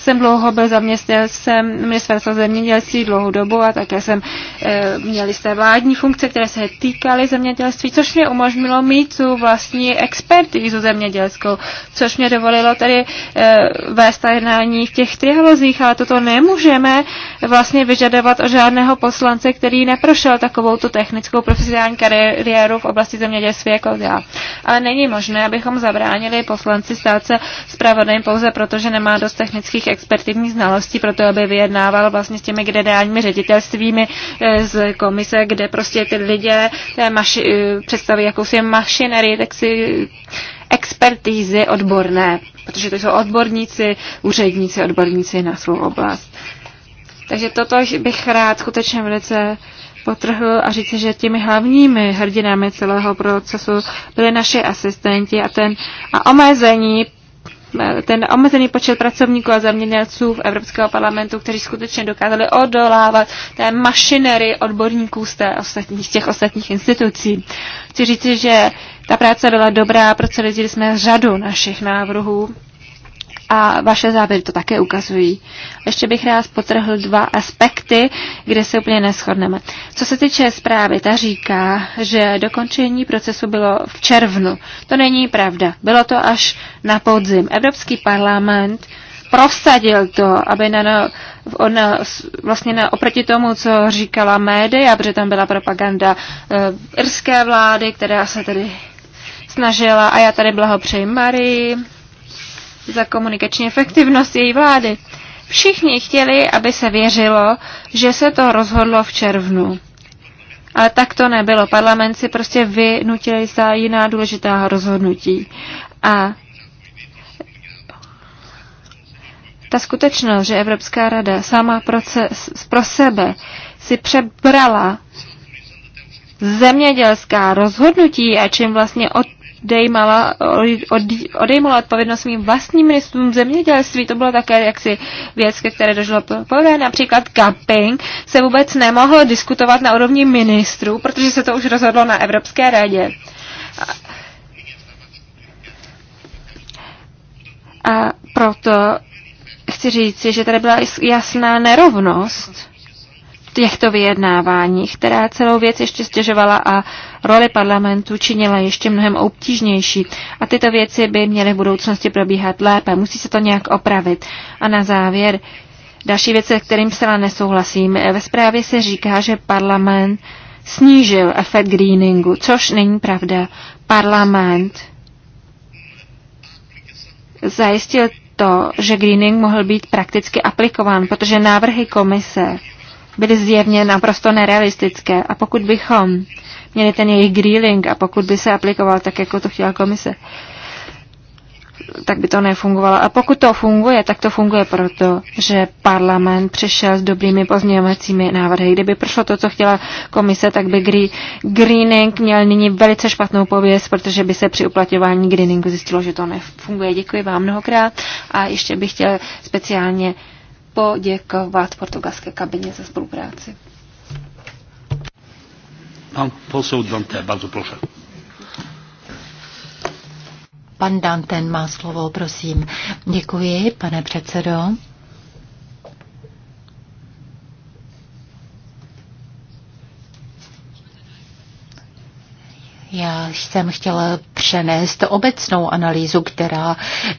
jsem dlouho byl zaměstnal, jsem ministerstva zemědělství dlouhou dobu a také jsem e, měl jisté vládní funkce, které se týkaly zemědělství, což mě umožnilo mít tu vlastní expertízu zemědělskou, což mě dovolilo tady e, vést jednání v těch trialozích, ale toto nemůžeme vlastně vyžadovat o žádného poslance, který neprošel takovou tu technickou profesionální kariéru v oblasti zemědělství jako já. Ale není možné, abychom zabránili poslanci stát se spravodajím pouze proto, že nemá dost technických expertivní znalosti pro to, aby vyjednával vlastně s těmi generálními ředitelstvími eh, z komise, kde prostě ty lidé té maši, eh, představí jakousi mašinerii, tak si expertízy odborné, protože to jsou odborníci, úředníci, odborníci na svou oblast. Takže toto bych rád skutečně velice potrhl a říct, že těmi hlavními hrdinami celého procesu byly naši asistenti a, ten, a omezení ten omezený počet pracovníků a zaměstnanců v Evropského parlamentu, kteří skutečně dokázali odolávat té mašinery odborníků z, té ostatních, z těch ostatních institucí. Chci říci, že ta práce byla dobrá, protože jsme řadu našich návrhů a vaše záběry to také ukazují. Ještě bych rád potrhl dva aspekty, kde se úplně neschodneme. Co se týče zprávy, ta říká, že dokončení procesu bylo v červnu. To není pravda. Bylo to až na podzim. Evropský parlament prosadil to, aby na, na, on, vlastně na, oproti tomu, co říkala média, protože tam byla propaganda e, irské vlády, která se tedy snažila, a já tady blahopřeji Marii, za komunikační efektivnost její vlády. Všichni chtěli, aby se věřilo, že se to rozhodlo v červnu. Ale tak to nebylo. Parlament si prostě vynutili za jiná důležitá rozhodnutí. A ta skutečnost, že Evropská rada sama se, pro sebe si přebrala zemědělská rozhodnutí a čím vlastně od odejmala, od, odejmula odpovědnost svým vlastním ministrům zemědělství. To bylo také jaksi věc, ke které došlo poprvé. Například capping se vůbec nemohl diskutovat na úrovni ministrů, protože se to už rozhodlo na Evropské radě. A, a proto chci říci, že tady byla jasná nerovnost těchto vyjednávání, která celou věc ještě stěžovala a roli parlamentu činila ještě mnohem obtížnější. A tyto věci by měly v budoucnosti probíhat lépe. Musí se to nějak opravit. A na závěr, další věc, se kterým se nesouhlasím. Ve zprávě se říká, že parlament snížil efekt greeningu, což není pravda. Parlament zajistil to, že greening mohl být prakticky aplikován, protože návrhy komise byly zjevně naprosto nerealistické. A pokud bychom měli ten jejich grilling a pokud by se aplikoval tak, jako to chtěla komise, tak by to nefungovalo. A pokud to funguje, tak to funguje proto, že parlament přišel s dobrými pozměňovacími návrhy. Kdyby prošlo to, co chtěla komise, tak by gre greening měl nyní velice špatnou pověst, protože by se při uplatňování greeningu zjistilo, že to nefunguje. Děkuji vám mnohokrát a ještě bych chtěl speciálně poděkovat portugalské kabině za spolupráci. Pan posou Dante, bardzo proszę. Pan Danten má slovo, prosím. Děkuji, pane předsedo. Já jsem chtěla přenést obecnou analýzu, která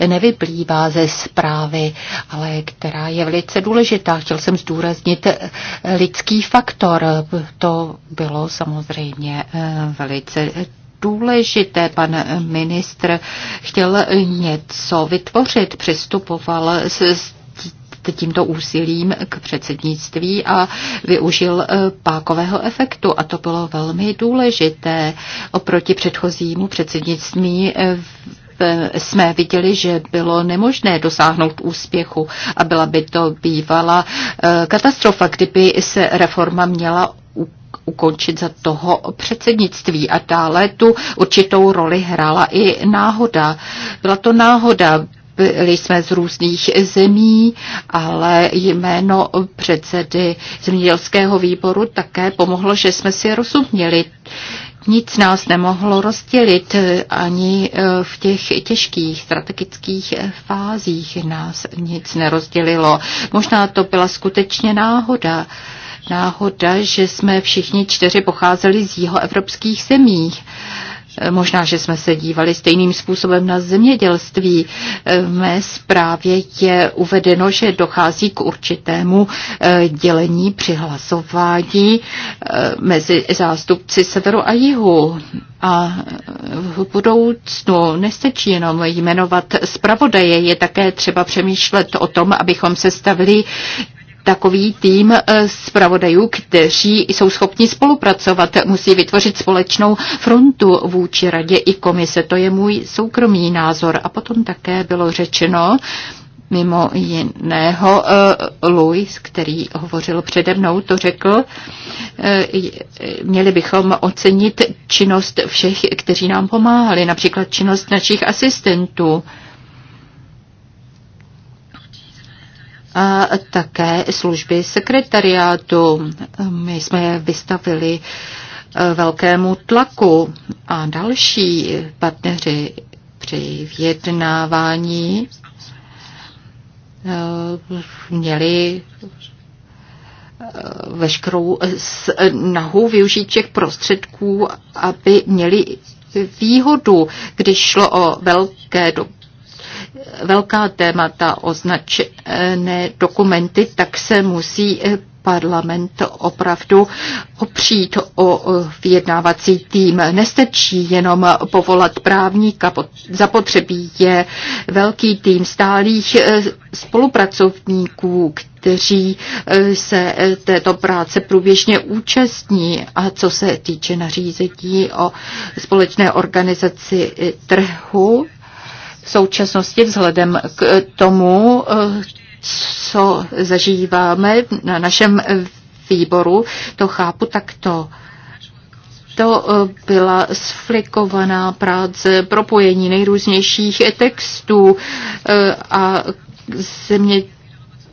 nevyplývá ze zprávy, ale která je velice důležitá. Chtěl jsem zdůraznit lidský faktor. To bylo samozřejmě eh, velice důležité. Pan ministr chtěl něco vytvořit, přistupoval s tímto úsilím k předsednictví a využil eh, pákového efektu. A to bylo velmi důležité oproti předchozímu předsednictví eh, eh, jsme viděli, že bylo nemožné dosáhnout úspěchu a byla by to bývala katastrofa, kdyby se reforma měla ukončit za toho předsednictví a dále tu určitou roli hrála i náhoda. Byla to náhoda, byli jsme z různých zemí, ale jméno předsedy zemědělského výboru také pomohlo, že jsme si rozuměli. Nic nás nemohlo rozdělit ani eh, v těch těžkých strategických eh, fázích nás nic nerozdělilo. Možná to byla skutečně náhoda. Náhoda, že jsme všichni čtyři pocházeli z jihoevropských zemích. evropských zemí Eh, možná, že jsme se dívali stejným způsobem na zemědělství. Eh, v mé zprávě je uvedeno, že dochází k určitému eh, dělení hlasování mezi zástupci severu a jihu. A v budoucnu nestačí jenom jmenovat zpravodaje, je také třeba přemýšlet o tom, abychom se stavili takový tým eh, zpravodajů, kteří jsou schopni spolupracovat. Musí vytvořit společnou frontu vůči radě i komise. To je můj soukromý názor. A potom také bylo řečeno, mimo jiného eh, Louis, který hovořil přede mnou, to řekl, eh, měli bychom ocenit činnost všech, kteří nám pomáhali, například činnost našich asistentů. a také služby sekretariátu. My jsme je vystavili eh, velkému tlaku a další partneři při vyjednávání eh, měli eh, veškerou snahu využít těch prostředků, aby měli výhodu, když šlo o velké do velká témata označené dokumenty, tak se musí eh, parlament opravdu opřít o eh, vyjednávací tým. Nestačí jenom povolat právníka, zapotřebí je velký tým stálých eh, spolupracovníků, kteří se této práce průběžně účastní. A co se týče nařízení o společné organizaci trhu, současnosti vzhledem k tomu, co zažíváme na našem výboru, to chápu takto. To byla sflikovaná práce, propojení nejrůznějších textů eh, a země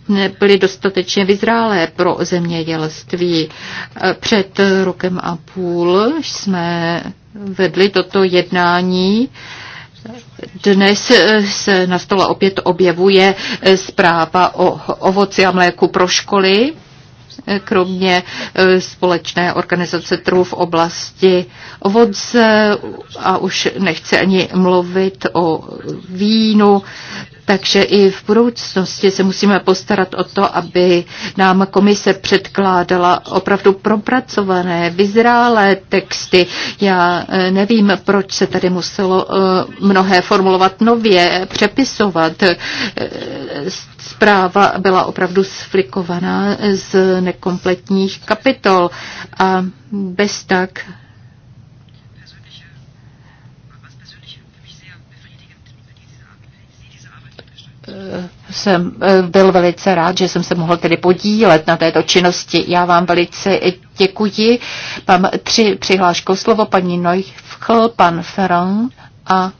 nebyly dostatečně vyzrálé pro zemědělství. Před rokem a půl jsme vedli toto jednání dnes eh, se na stole opět objevuje eh, zpráva o ovoci a mléku pro školy, eh, kromě společné organizace trhu v oblasti ovoce a už nechci ani mluvit o vínu, takže i v budoucnosti se musíme postarat o to, aby nám komise předkládala opravdu propracované, vyzrálé texty. Já eh, nevím, proč se tady muselo eh, mnohé formulovat nově, přepisovat. Eh, zpráva byla opravdu sflikovaná z nekompletních kapitol a bez tak Eh, jsem eh, byl velice rád, že jsem se mohl tedy podílet na této činnosti. Já vám velice děkuji. Mám tři přihlášku slovo, paní Neuchl, pan Ferran a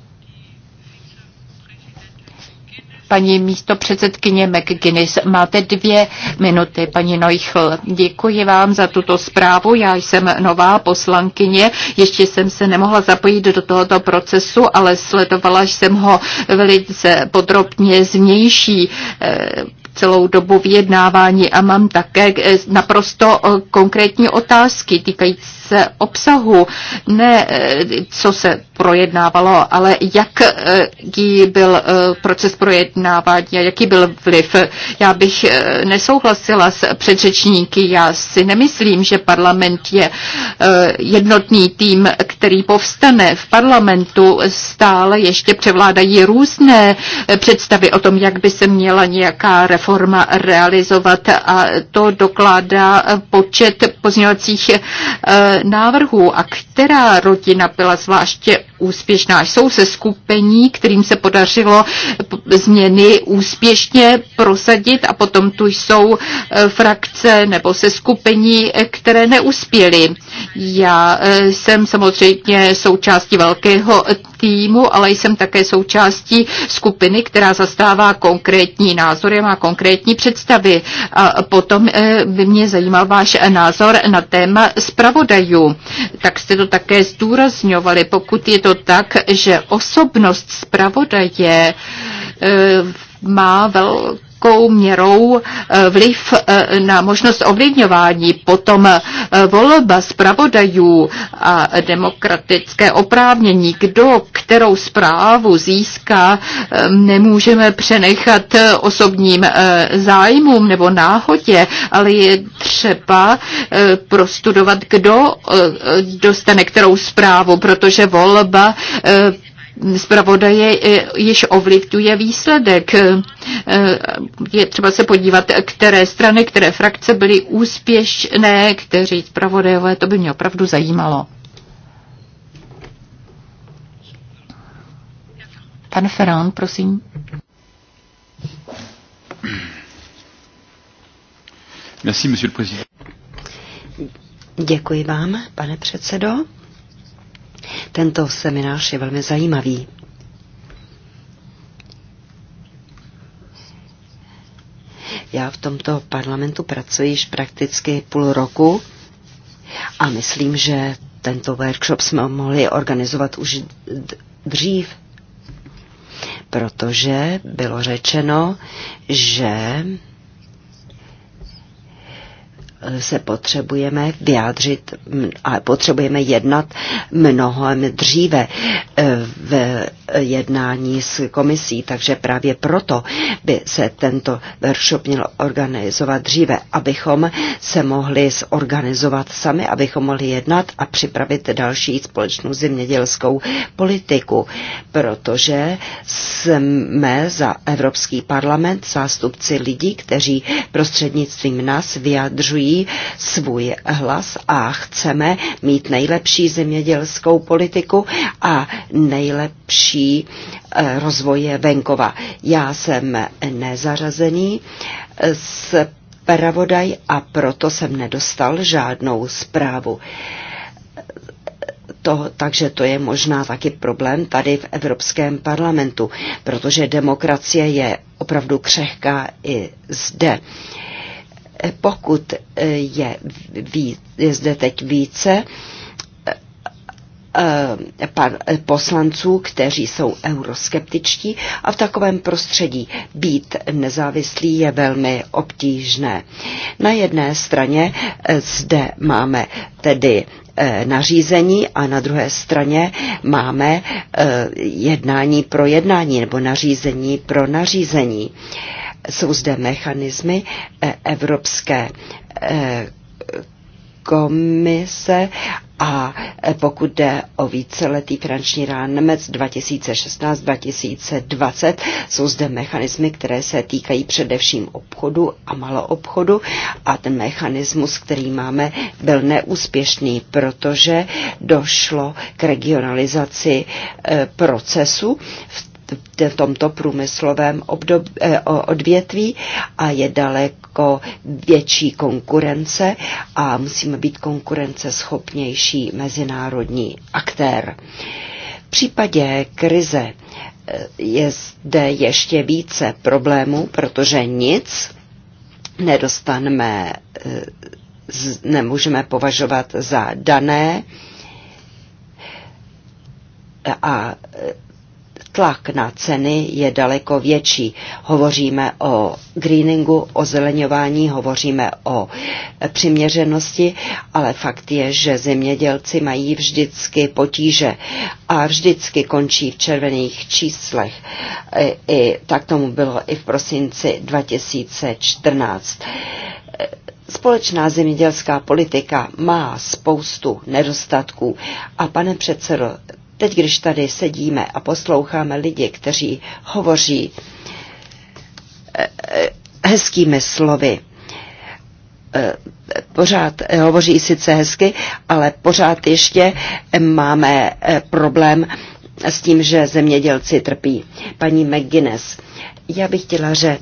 Paní místo předsedkyně McGuinness, máte dvě minuty, paní Neuchl. Děkuji vám za tuto zprávu. Já jsem nová poslankyně, ještě jsem se nemohla zapojit do tohoto procesu, ale sledovala jsem ho velice podrobně zvnější eh, celou dobu vyjednávání a mám také eh, naprosto eh, konkrétní otázky týkající se obsahu, ne eh, co se projednávalo, ale eh, jaký byl eh, proces projednávání a jaký byl vliv. Já bych nesouhlasila s předřečníky. Já si nemyslím, že parlament je jednotný tým, který povstane. V parlamentu stále ještě převládají různé představy o tom, jak by se měla nějaká reforma realizovat a to dokládá počet pozměňovacích návrhů a která rodina byla zvláště úspěšná. Jsou se skupení, kterým se podařilo změny úspěšně prosadit a potom tu jsou eh, frakce nebo se skupení, eh, které neuspěly. Já e, jsem samozřejmě součástí velkého týmu, ale jsem také součástí skupiny, která zastává konkrétní názory, má konkrétní představy. A potom e, by mě zajímal váš názor na téma zpravodajů. Tak jste to také zdůrazňovali, pokud je to tak, že osobnost zpravodaje e, má velký velkou měrou eh, vliv eh, na možnost ovlivňování. Potom eh, volba zpravodajů a demokratické oprávnění, kdo kterou zprávu získá, nemůžeme přenechat osobním zájmům nebo náhodě, ale je třeba prostudovat, kdo dostane kterou zprávu, protože volba zpravodaje eh, již ovlivňuje výsledek. Eh, eh, je třeba se podívat, které strany, které frakce byly úspěšné, kteří zpravodajové, to by mě opravdu zajímalo. Pan Ferran, prosím. Merci, monsieur le président. Děkuji vám, pane předsedo. Tento seminář je velmi zajímavý. Já v tomto parlamentu pracuji již prakticky půl roku a myslím, že tento workshop jsme mohli organizovat už dřív, protože bylo řečeno, že se potřebujeme vyjádřit a potřebujeme jednat mnohem dříve eh, v jednání s komisí, takže právě proto by se tento workshop měl organizovat dříve, abychom se mohli zorganizovat sami, abychom mohli jednat a připravit další společnou zemědělskou politiku, protože jsme za Evropský parlament zástupci lidí, kteří prostřednictvím nás vyjadřují svůj hlas a chceme mít nejlepší zemědělskou politiku a nejlepší eh, rozvoje venkova. Já jsem nezařazený s eh, pravodaj a proto jsem nedostal žádnou zprávu. To, takže to je možná taky problém tady v Evropském parlamentu, protože demokracie je opravdu křehká i zde. Uh, Eh, pokud eh, je, je zde teď více eh, poslanců, kteří jsou euroskeptičtí a v takovém prostředí být nezávislý je velmi obtížné. Na jedné straně zde máme tedy nařízení a na druhé straně máme jednání pro jednání nebo nařízení pro nařízení jsou zde mechanismy eh, Evropské eh, komise a eh, pokud jde o víceletý finanční rámec 2016-2020, jsou zde mechanismy, které se týkají především obchodu a maloobchodu a ten mechanismus, který máme, byl neúspěšný, protože došlo k regionalizaci procesu v v tomto průmyslovém obdob, eh, odvětví a je daleko větší konkurence a musíme být konkurenceschopnější mezinárodní aktér. V případě krize eh, je zde ještě více problémů, protože nic nedostaneme, eh, nemůžeme považovat za dané a tlak na ceny je daleko větší. Hovoříme o greeningu, o zeleňování, hovoříme o přiměřenosti, ale fakt je, že zemědělci mají vždycky potíže a vždycky končí v červených číslech. I, i, tak tomu bylo i v prosinci 2014. Společná zemědělská politika má spoustu nedostatků a pane předsedo, Teď, když tady sedíme a posloucháme lidi, kteří hovoří eh, eh, hezkými slovy, eh, pořád hovoří sice hezky, ale pořád ještě máme problém s tím, že zemědělci trpí. Paní McGuinness, já bych chtěla, že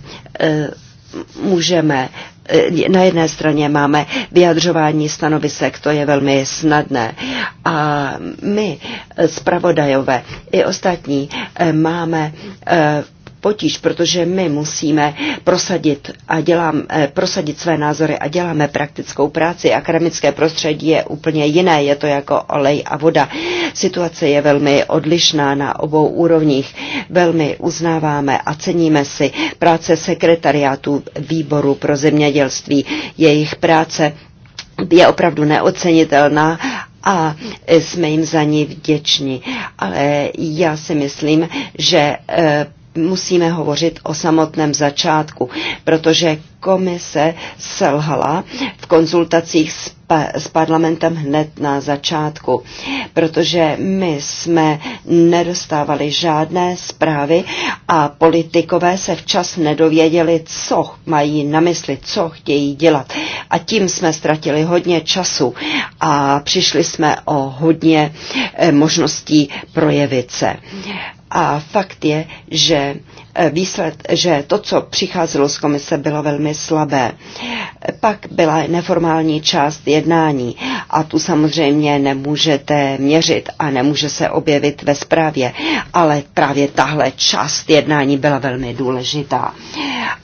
můžeme eh, na jedné straně máme vyjadřování stanovisek, to je velmi snadné. A my, eh, zpravodajové i ostatní, eh, máme potíž, protože my musíme prosadit, a dělám, eh, prosadit své názory a děláme praktickou práci. Akademické prostředí je úplně jiné, je to jako olej a voda. Situace je velmi odlišná na obou úrovních. Velmi uznáváme a ceníme si práce sekretariátu výboru pro zemědělství. Jejich práce je opravdu neocenitelná a jsme jim za ní vděční. Ale já si myslím, že eh, musíme hovořit o samotném začátku, protože komise selhala v konzultacích s, pa- s parlamentem hned na začátku, protože my jsme nedostávali žádné zprávy a politikové se včas nedověděli, co mají na mysli, co chtějí dělat. A tím jsme ztratili hodně času a přišli jsme o hodně eh, možností projevit se. A fakt je, že Eh, výsled, že to, co přicházelo z komise, bylo velmi slabé. Pak byla neformální část jednání a tu samozřejmě nemůžete měřit a nemůže se objevit ve zprávě, ale právě tahle část jednání byla velmi důležitá.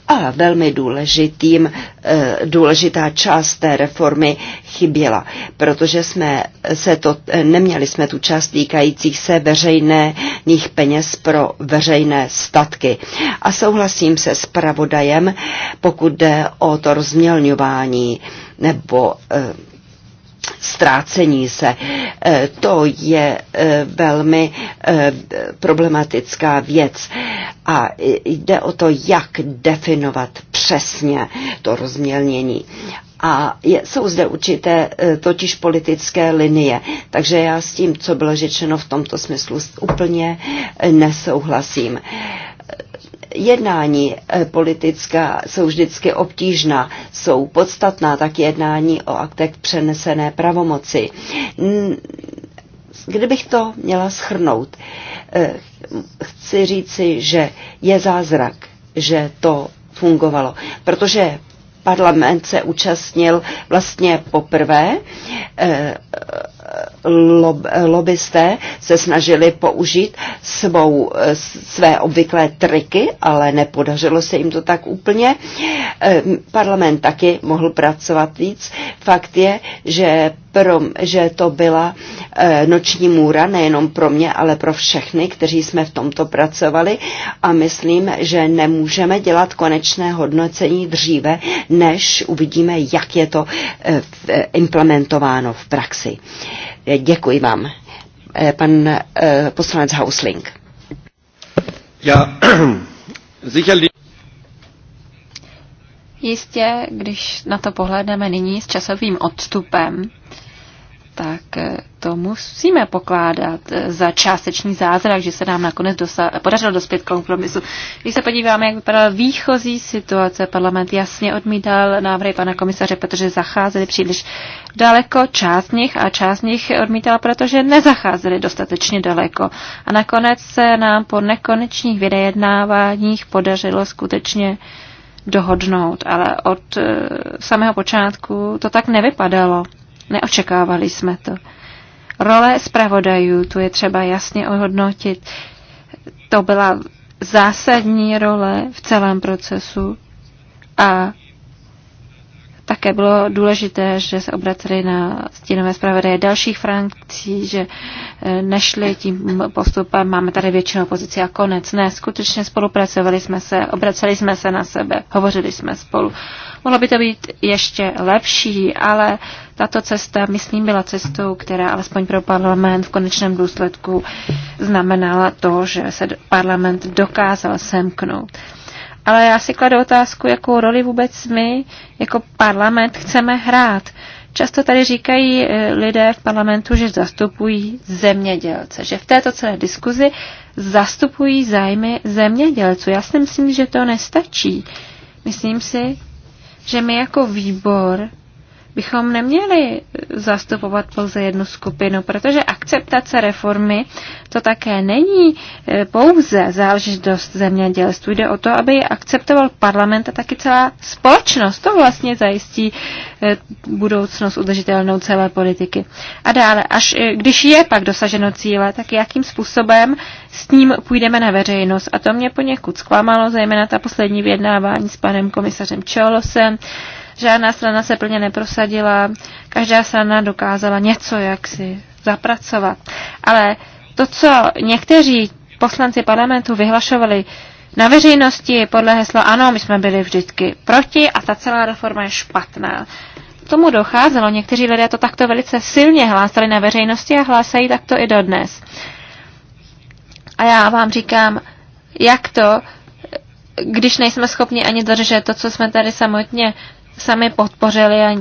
A velmi důležitým, eh, důležitá část té reformy chyběla, protože jsme se to, eh, neměli jsme tu část týkajících se veřejných peněz pro veřejné statky a souhlasím se s pravodajem, pokud jde o to rozmělňování nebo eh, ztrácení se. Eh, to je eh, velmi problematická věc a jde o to, jak definovat přesně to rozmělnění. A je, jsou zde určité totiž politické linie, takže já s tím, co bylo řečeno v tomto smyslu, úplně nesouhlasím jednání eh, politická jsou vždycky obtížná, jsou podstatná tak jednání o aktech přenesené pravomoci. Kdybych to měla schrnout, eh, chci říci, že je zázrak, že to fungovalo, protože parlament se účastnil vlastně poprvé. Eh, lob, lobbysté se snažili použít svou, eh, své obvyklé triky, ale nepodařilo se jim to tak úplně. Eh, parlament taky mohl pracovat víc. Fakt je, že, pro, že to byla Eh, noční můra, nejenom pro mě, ale pro všechny, kteří jsme v tomto pracovali a myslím, že nemůžeme dělat konečné hodnocení dříve, než uvidíme, jak je to eh, eh, implementováno v praxi. Děkuji vám, pan poslanec Hausling. Já sicherlich Jistě, když na to pohledneme nyní s časovým odstupem, tak eh, to musíme pokládat eh, za částečný zázrak, že se nám nakonec dosa- podařilo dospět k kompromisu. Když se podíváme, jak vypadala výchozí situace, parlament jasně odmítal návrhy pana komisaře, protože zacházeli příliš daleko část nich a část nich odmítala, protože nezacházeli dostatečně daleko. A nakonec se nám po nekonečných vydejednáváních podařilo skutečně dohodnout, ale od eh, samého počátku to tak nevypadalo. Neočekávali jsme to. Role zpravodajů, tu je třeba jasně ohodnotit. To byla zásadní role v celém procesu a také bylo důležité, že se obraceli na stínové zpravodaje dalších frankcí, že eh, nešli tím postupem, máme tady většinou pozici a konec. Ne, skutečně spolupracovali jsme se, obraceli jsme se na sebe, hovořili jsme spolu. Mohlo by to být ještě lepší, ale tato cesta, myslím, byla cestou, která alespoň pro parlament v konečném důsledku znamenala to, že se parlament dokázal semknout. Ale já si kladu otázku, jakou roli vůbec my jako parlament chceme hrát. Často tady říkají eh, lidé v parlamentu, že zastupují zemědělce, že v této celé diskuzi zastupují zájmy zemědělců. Já si myslím, že to nestačí. Myslím si, že my jako výbor bychom neměli zastupovat pouze jednu skupinu, protože akceptace reformy to také není e, pouze záležitost zemědělství. Jde o to, aby ji akceptoval parlament a taky celá společnost. To vlastně zajistí e, budoucnost udržitelnou celé politiky. A dále, až e, když je pak dosaženo cíle, tak jakým způsobem s ním půjdeme na veřejnost. A to mě poněkud zklamalo, zejména ta poslední vyjednávání s panem komisařem Čolosem, Žádná strana se plně neprosadila, každá strana dokázala něco jaksi zapracovat. Ale to, co někteří poslanci parlamentu vyhlašovali na veřejnosti podle hesla ano, my jsme byli vždycky proti a ta celá reforma je špatná. K tomu docházelo, někteří lidé to takto velice silně hlásali na veřejnosti a hlásají takto i dodnes. A já vám říkám, jak to, když nejsme schopni ani dodržet to, co jsme tady samotně sami podpořili a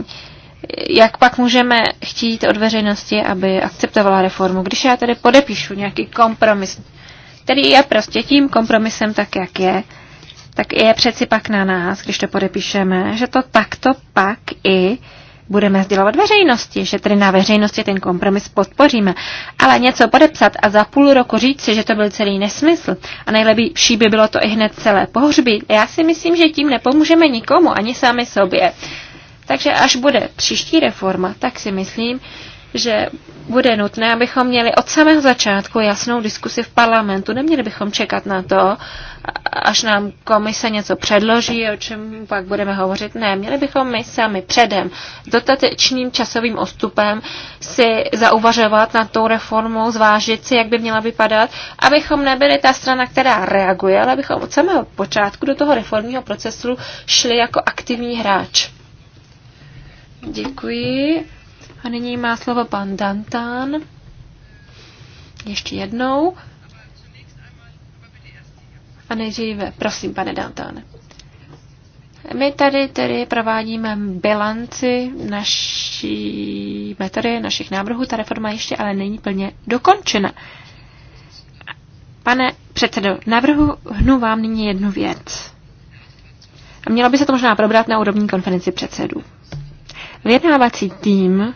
jak pak můžeme chtít od veřejnosti, aby akceptovala reformu, když já tedy podepíšu nějaký kompromis, který je prostě tím kompromisem tak, jak je, tak je přeci pak na nás, když to podepíšeme, že to takto pak i budeme sdělovat veřejnosti, že tedy na veřejnosti ten kompromis podpoříme. Ale něco podepsat a za půl roku říct, že to byl celý nesmysl a nejlepší by bylo to i hned celé pohřbít, já si myslím, že tím nepomůžeme nikomu, ani sami sobě. Takže až bude příští reforma, tak si myslím, že bude nutné, abychom měli od samého začátku jasnou diskusi v parlamentu. Neměli bychom čekat na to, až nám komise něco předloží, o čem pak budeme hovořit. Ne, měli bychom my sami předem s dotatečným časovým ostupem si zauvažovat na tou reformu, zvážit si, jak by měla vypadat, abychom nebyli ta strana, která reaguje, ale abychom od samého počátku do toho reformního procesu šli jako aktivní hráč. Děkuji. A nyní má slovo pan Dantán. Ještě jednou. A nejdříve, prosím, pane Dantán. My tady tedy provádíme bilanci naší metody, našich návrhů. Ta reforma ještě ale není plně dokončena. Pane předsedo, hnu vám nyní jednu věc. A mělo by se to možná probrat na úrovní konferenci předsedů. Vyjednávací tým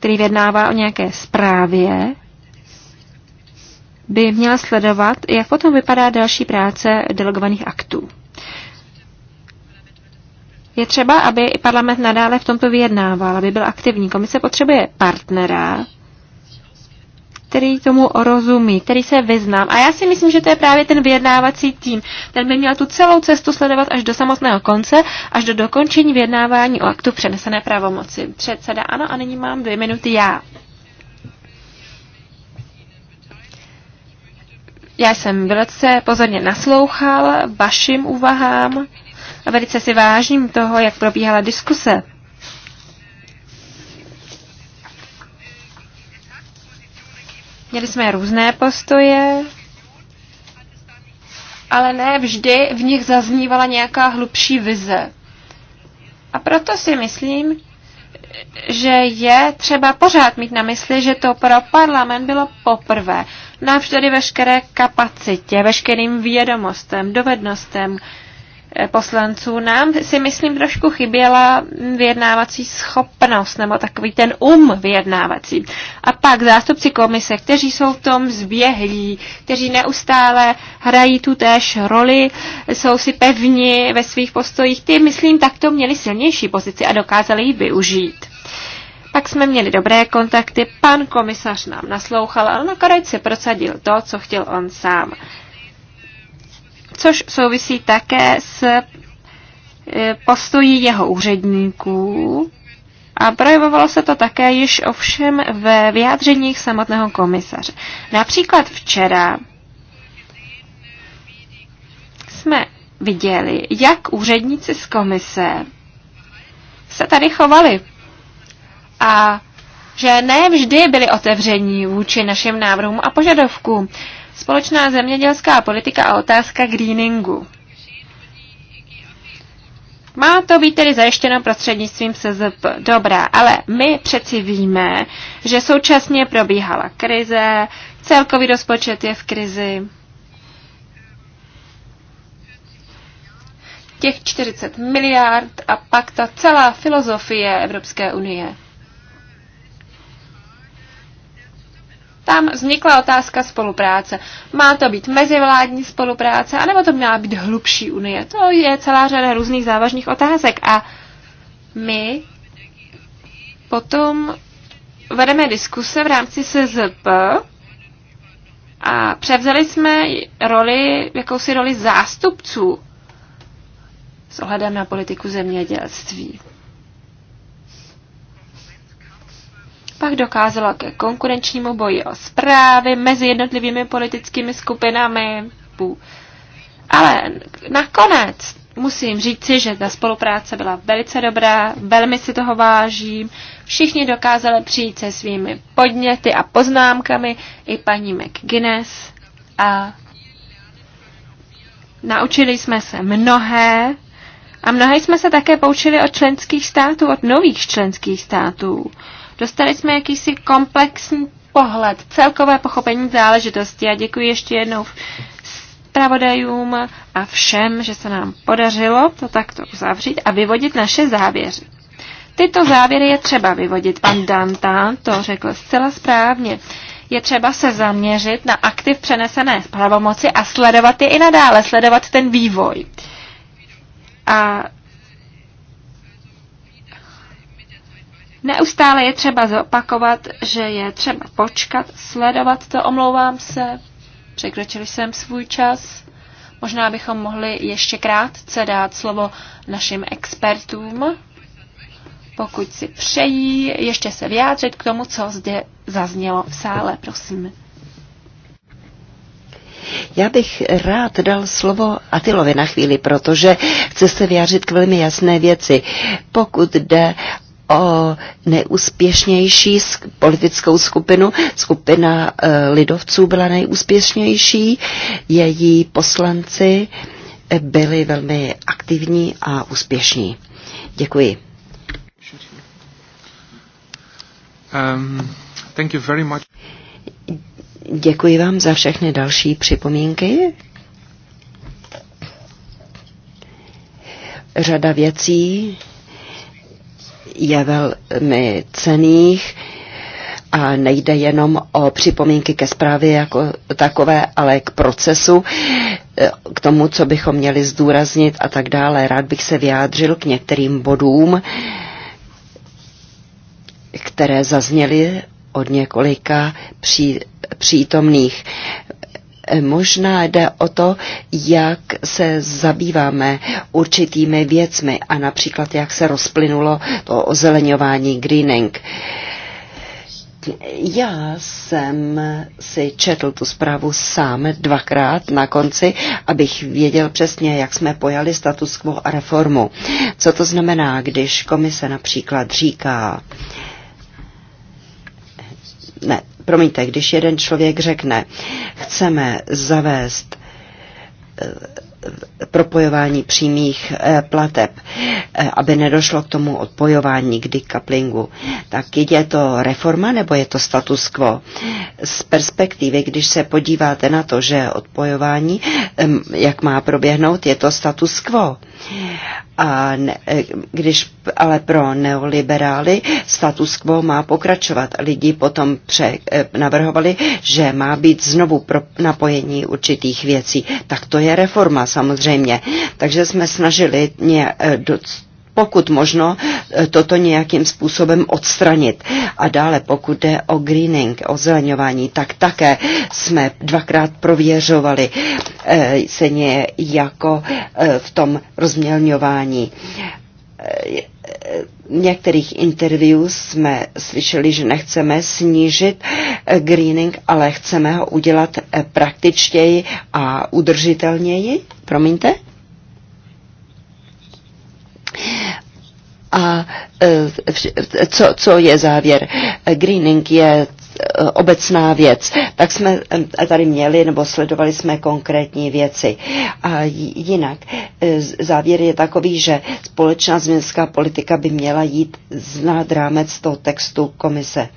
který vědnává o nějaké zprávě, by měl sledovat, jak potom vypadá další práce delegovaných aktů. Je třeba, aby parlament nadále v tomto vyjednával, aby byl aktivní. Komise potřebuje partnera, který tomu rozumí, který se vyznám. A já si myslím, že to je právě ten vyjednávací tým. Ten by měl tu celou cestu sledovat až do samotného konce, až do dokončení vyjednávání o aktu přenesené pravomoci. Předseda, ano, a nyní mám dvě minuty já. Já jsem velice pozorně naslouchal vašim úvahám a velice si vážím toho, jak probíhala diskuse. Měli jsme různé postoje, ale ne vždy v nich zaznívala nějaká hlubší vize. A proto si myslím, že je třeba pořád mít na mysli, že to pro parlament bylo poprvé. Navždy veškeré kapacitě, veškerým vědomostem, dovednostem, Eh, poslanců, nám si myslím trošku chyběla vyjednávací schopnost nebo takový ten um vyjednávací. A pak zástupci komise, kteří jsou v tom zběhlí, kteří neustále hrají tu též roli, jsou si pevni ve svých postojích, ty, myslím, takto měli silnější pozici a dokázali ji využít. Pak jsme měli dobré kontakty, pan komisař nám naslouchal, ale nakonec se prosadil to, co chtěl on sám což souvisí také s e, postojí jeho úředníků a projevovalo se to také již ovšem ve vyjádřeních samotného komisaře. Například včera jsme viděli, jak úředníci z komise se tady chovali a že ne vždy byli otevření vůči našim návrhům a požadovkům. Společná zemědělská politika a otázka greeningu. Má to být tedy zajištěno prostřednictvím SZP. Dobrá, ale my přeci víme, že současně probíhala krize, celkový rozpočet je v krizi. Těch 40 miliard a pak ta celá filozofie Evropské unie. tam vznikla otázka spolupráce. Má to být mezivládní spolupráce, anebo to měla být hlubší unie? To je celá řada různých závažných otázek a my potom vedeme diskuse v rámci SZP a převzali jsme roli, jakousi roli zástupců s ohledem na politiku zemědělství. pak dokázalo ke konkurenčnímu boji o zprávy mezi jednotlivými politickými skupinami. Ale nakonec musím říci, že ta spolupráce byla velice dobrá, velmi si toho vážím. Všichni dokázali přijít se svými podněty a poznámkami, i paní McGuinness. A naučili jsme se mnohé a mnohé jsme se také poučili od členských států, od nových členských států. Dostali jsme jakýsi komplexní pohled, celkové pochopení záležitosti a děkuji ještě jednou zpravodajům a všem, že se nám podařilo to takto uzavřít a vyvodit naše závěry. Tyto závěry je třeba vyvodit. Pan Dantan to řekl zcela správně. Je třeba se zaměřit na aktiv přenesené pravomoci a sledovat je i nadále, sledovat ten vývoj. A Neustále je třeba zopakovat, že je třeba počkat, sledovat to, omlouvám se, překročili jsem svůj čas. Možná bychom mohli ještě krátce dát slovo našim expertům, pokud si přejí ještě se vyjádřit k tomu, co zde zaznělo v sále, prosím. Já bych rád dal slovo Atilovi na chvíli, protože chce se vyjádřit k velmi jasné věci. Pokud jde o neúspěšnější politickou skupinu. Skupina e, lidovců byla nejúspěšnější, její poslanci e, byli velmi aktivní a úspěšní. Děkuji. Um, thank you very much. Děkuji vám za všechny další připomínky. Řada věcí je velmi cených a nejde jenom o připomínky ke zprávě jako takové, ale k procesu, e, k tomu, co bychom měli zdůraznit a tak dále. Rád bych se vyjádřil k některým bodům, které zazněly od několika pří, přítomných. Možná jde o to, jak se zabýváme určitými věcmi a například jak se rozplynulo to ozeleňování greening. Já jsem si četl tu zprávu sám dvakrát na konci, abych věděl přesně, jak jsme pojali status quo a reformu. Co to znamená, když komise například říká, uh, ne, promiňte, když jeden člověk řekne, chceme zavést eh, propojování přímých eh, plateb, eh, aby nedošlo k tomu odpojování, k decouplingu, tak je to reforma nebo je to status quo? Z perspektivy, když se podíváte na to, že odpojování, jak má proběhnout, je to status quo. A ne, když ale pro neoliberály status quo má pokračovat. Lidi potom pře, eh, navrhovali, že má být znovu pro napojení určitých věcí. Tak to je reforma samozřejmě. Takže jsme snažili ně, eh, do, pokud možno e, toto nějakým způsobem odstranit. A dále, pokud jde o greening, o zeleňování, tak také jsme dvakrát prověřovali e, ně jako e, v tom rozmělňování některých interview jsme slyšeli, že nechceme snížit greening, ale chceme ho udělat praktičtěji a udržitelněji. Promiňte? A e, co, co je závěr? Greening je e, obecná věc. Tak jsme e, tady měli nebo sledovali jsme konkrétní věci. A jinak závěr je takový, že společná změnská politika by měla jít nad rámec toho textu komise.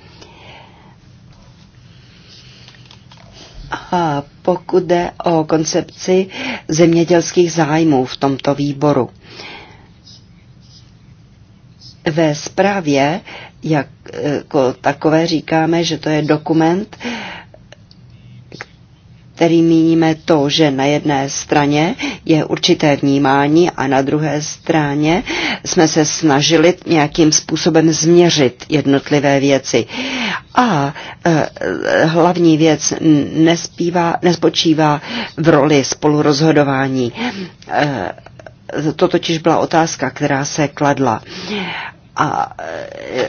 A pokud jde o koncepci zemědělských zájmů v tomto výboru. Uh, ve zprávě jako takové říkáme, že to je dokument, který míníme to, že na jedné straně je určité vnímání a na druhé straně jsme se snažili nějakým způsobem změřit jednotlivé věci. A e, hlavní věc nespívá, nespočívá v roli spolurozhodování. E, to totiž byla otázka, která se kladla a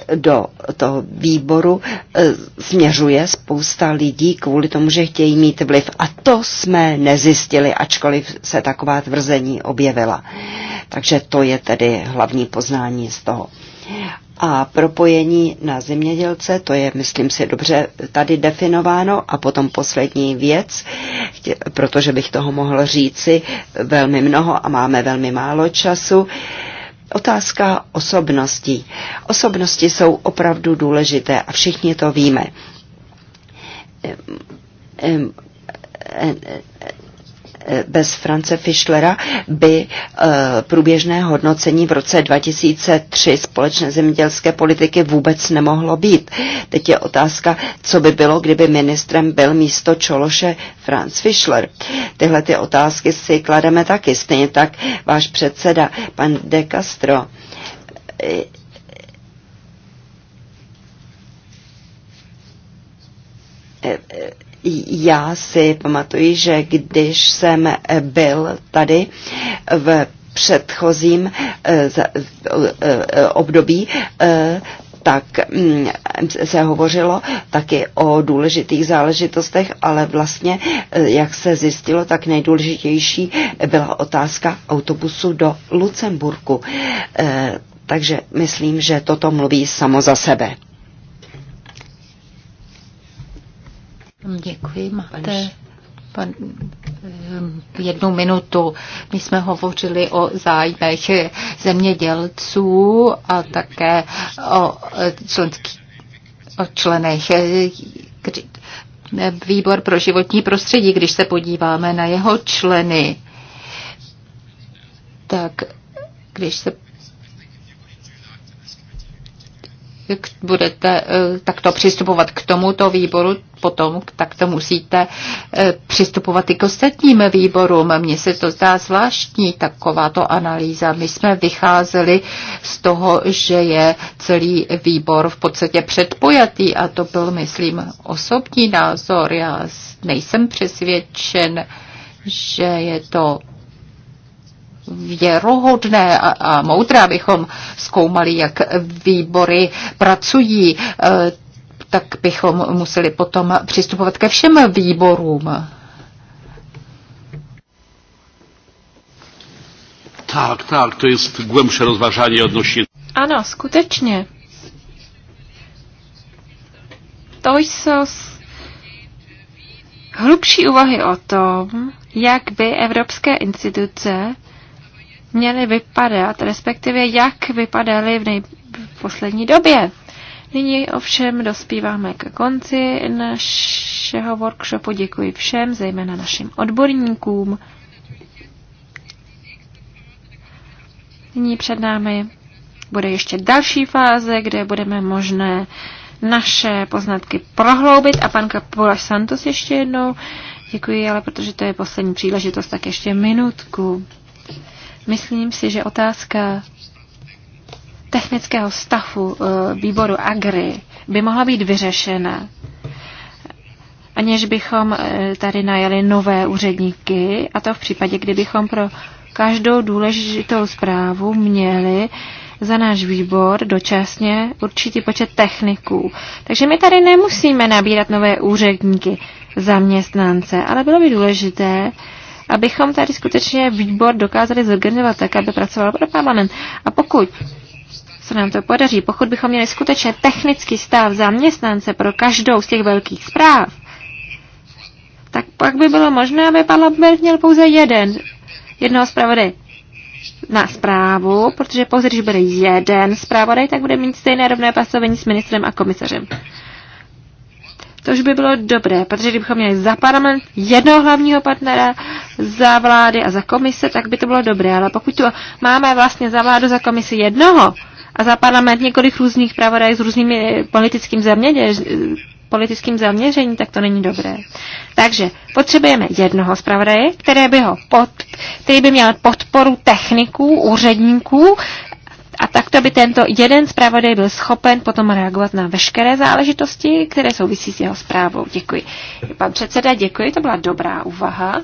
e, do toho výboru e, směřuje spousta lidí kvůli tomu, že chtějí mít vliv. A to jsme nezjistili, ačkoliv se taková tvrzení objevila. Takže to je tedy hlavní poznání z toho. A propojení na zemědělce, to je, myslím si, dobře tady definováno. A potom poslední věc, protože bych toho mohl říci velmi mnoho a máme velmi málo času. Otázka osobností. Osobnosti jsou opravdu důležité a všichni to víme Eh, bez France Fischlera by eh, průběžné hodnocení v roce 2003 společné zemědělské politiky vůbec nemohlo být. Teď je otázka, co by bylo, kdyby ministrem byl místo Čološe Franz Fischler. Tyhle ty otázky si klademe taky, stejně tak váš předseda, pan De Castro eh, já si pamatuji, že když jsem byl tady v předchozím eh, eh, eh, období, tak mm, se hovořilo taky o důležitých záležitostech, ale vlastně, jak se zjistilo, tak nejdůležitější byla otázka autobusu do Lucemburku. Takže myslím, že toto mluví samo za sebe. Děkuji, máte pan, um, jednu minutu. My jsme hovořili o zájmech zemědělců a také o, členský, o členech výbor pro životní prostředí, když se podíváme na jeho členy, tak když se budete eh, takto přistupovat k tomuto výboru, potom takto musíte eh, přistupovat i k ostatním výborům. Mně se to zdá zvláštní takováto analýza. My jsme vycházeli z toho, že je celý výbor v podstatě předpojatý a to byl, myslím, osobní názor. Já nejsem přesvědčen, že je to věrohodné a, a moudré, abychom zkoumali, jak výbory pracují, eh, tak bychom museli potom přistupovat ke všem výborům. Tak, tak, to je hlubší rozvážání odnośnie. Ano, skutečně. To jsou hlubší úvahy o tom, jak by evropské instituce měly vypadat, respektive jak vypadaly v, nej- v poslední době. Nyní ovšem dospíváme k konci našeho workshopu. Děkuji všem, zejména našim odborníkům. Nyní před námi bude ještě další fáze, kde budeme možné naše poznatky prohloubit. A pan Kapulaš Santos ještě jednou. Děkuji, ale protože to je poslední příležitost, tak ještě minutku. Myslím si, že otázka technického stavu eh, výboru Agri by mohla být vyřešena, aniž bychom eh, tady najeli nové úředníky, a to v případě, kdybychom pro každou důležitou zprávu měli za náš výbor dočasně určitý počet techniků. Takže my tady nemusíme nabírat nové úředníky, zaměstnance, ale bylo by důležité, abychom tady skutečně výbor dokázali zorganizovat tak, aby pracoval pro parlament. A pokud se nám to podaří, pokud bychom měli skutečně technický stav zaměstnance pro každou z těch velkých zpráv, tak pak by bylo možné, aby parlament měl pouze jeden, jednoho zpravodaje na zprávu, protože pouze když bude jeden zpravodaj, tak bude mít stejné rovné pasovení s ministrem a komisařem. To už by bylo dobré, protože kdybychom měli za parlament jednoho hlavního partnera, za vlády a za komise, tak by to bylo dobré. Ale pokud tu máme vlastně za vládu, za komisi jednoho a za parlament několik různých pravodajů s různými politickým zaměř, politickým zaměřením, tak to není dobré. Takže potřebujeme jednoho zpravodaje, který by, ho pod, který by měl podporu techniků, úředníků a takto by tento jeden zpravodaj byl schopen potom reagovat na veškeré záležitosti, které souvisí s jeho zprávou. Děkuji. Pan předseda, děkuji, to byla dobrá úvaha.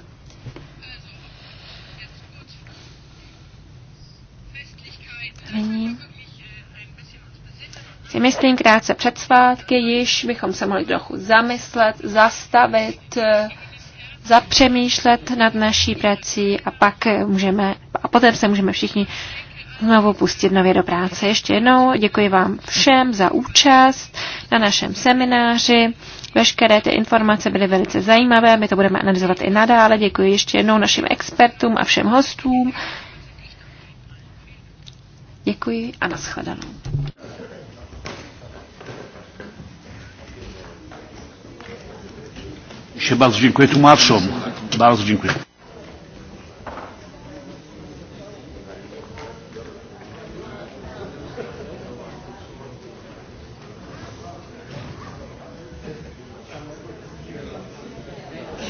Nyní. Si myslím, krátce před svátky již bychom se mohli trochu zamyslet, zastavit, zapřemýšlet nad naší prací a pak můžeme, a potom se můžeme všichni znovu pustit nově do práce. Ještě jednou děkuji vám všem za účast na našem semináři. Veškeré ty informace byly velice zajímavé, my to budeme analyzovat i nadále. Děkuji ještě jednou našim expertům a všem hostům. Děkuji a nashledanou. Się bardzo dziękuję tłumaczom. Bardzo Děkuji.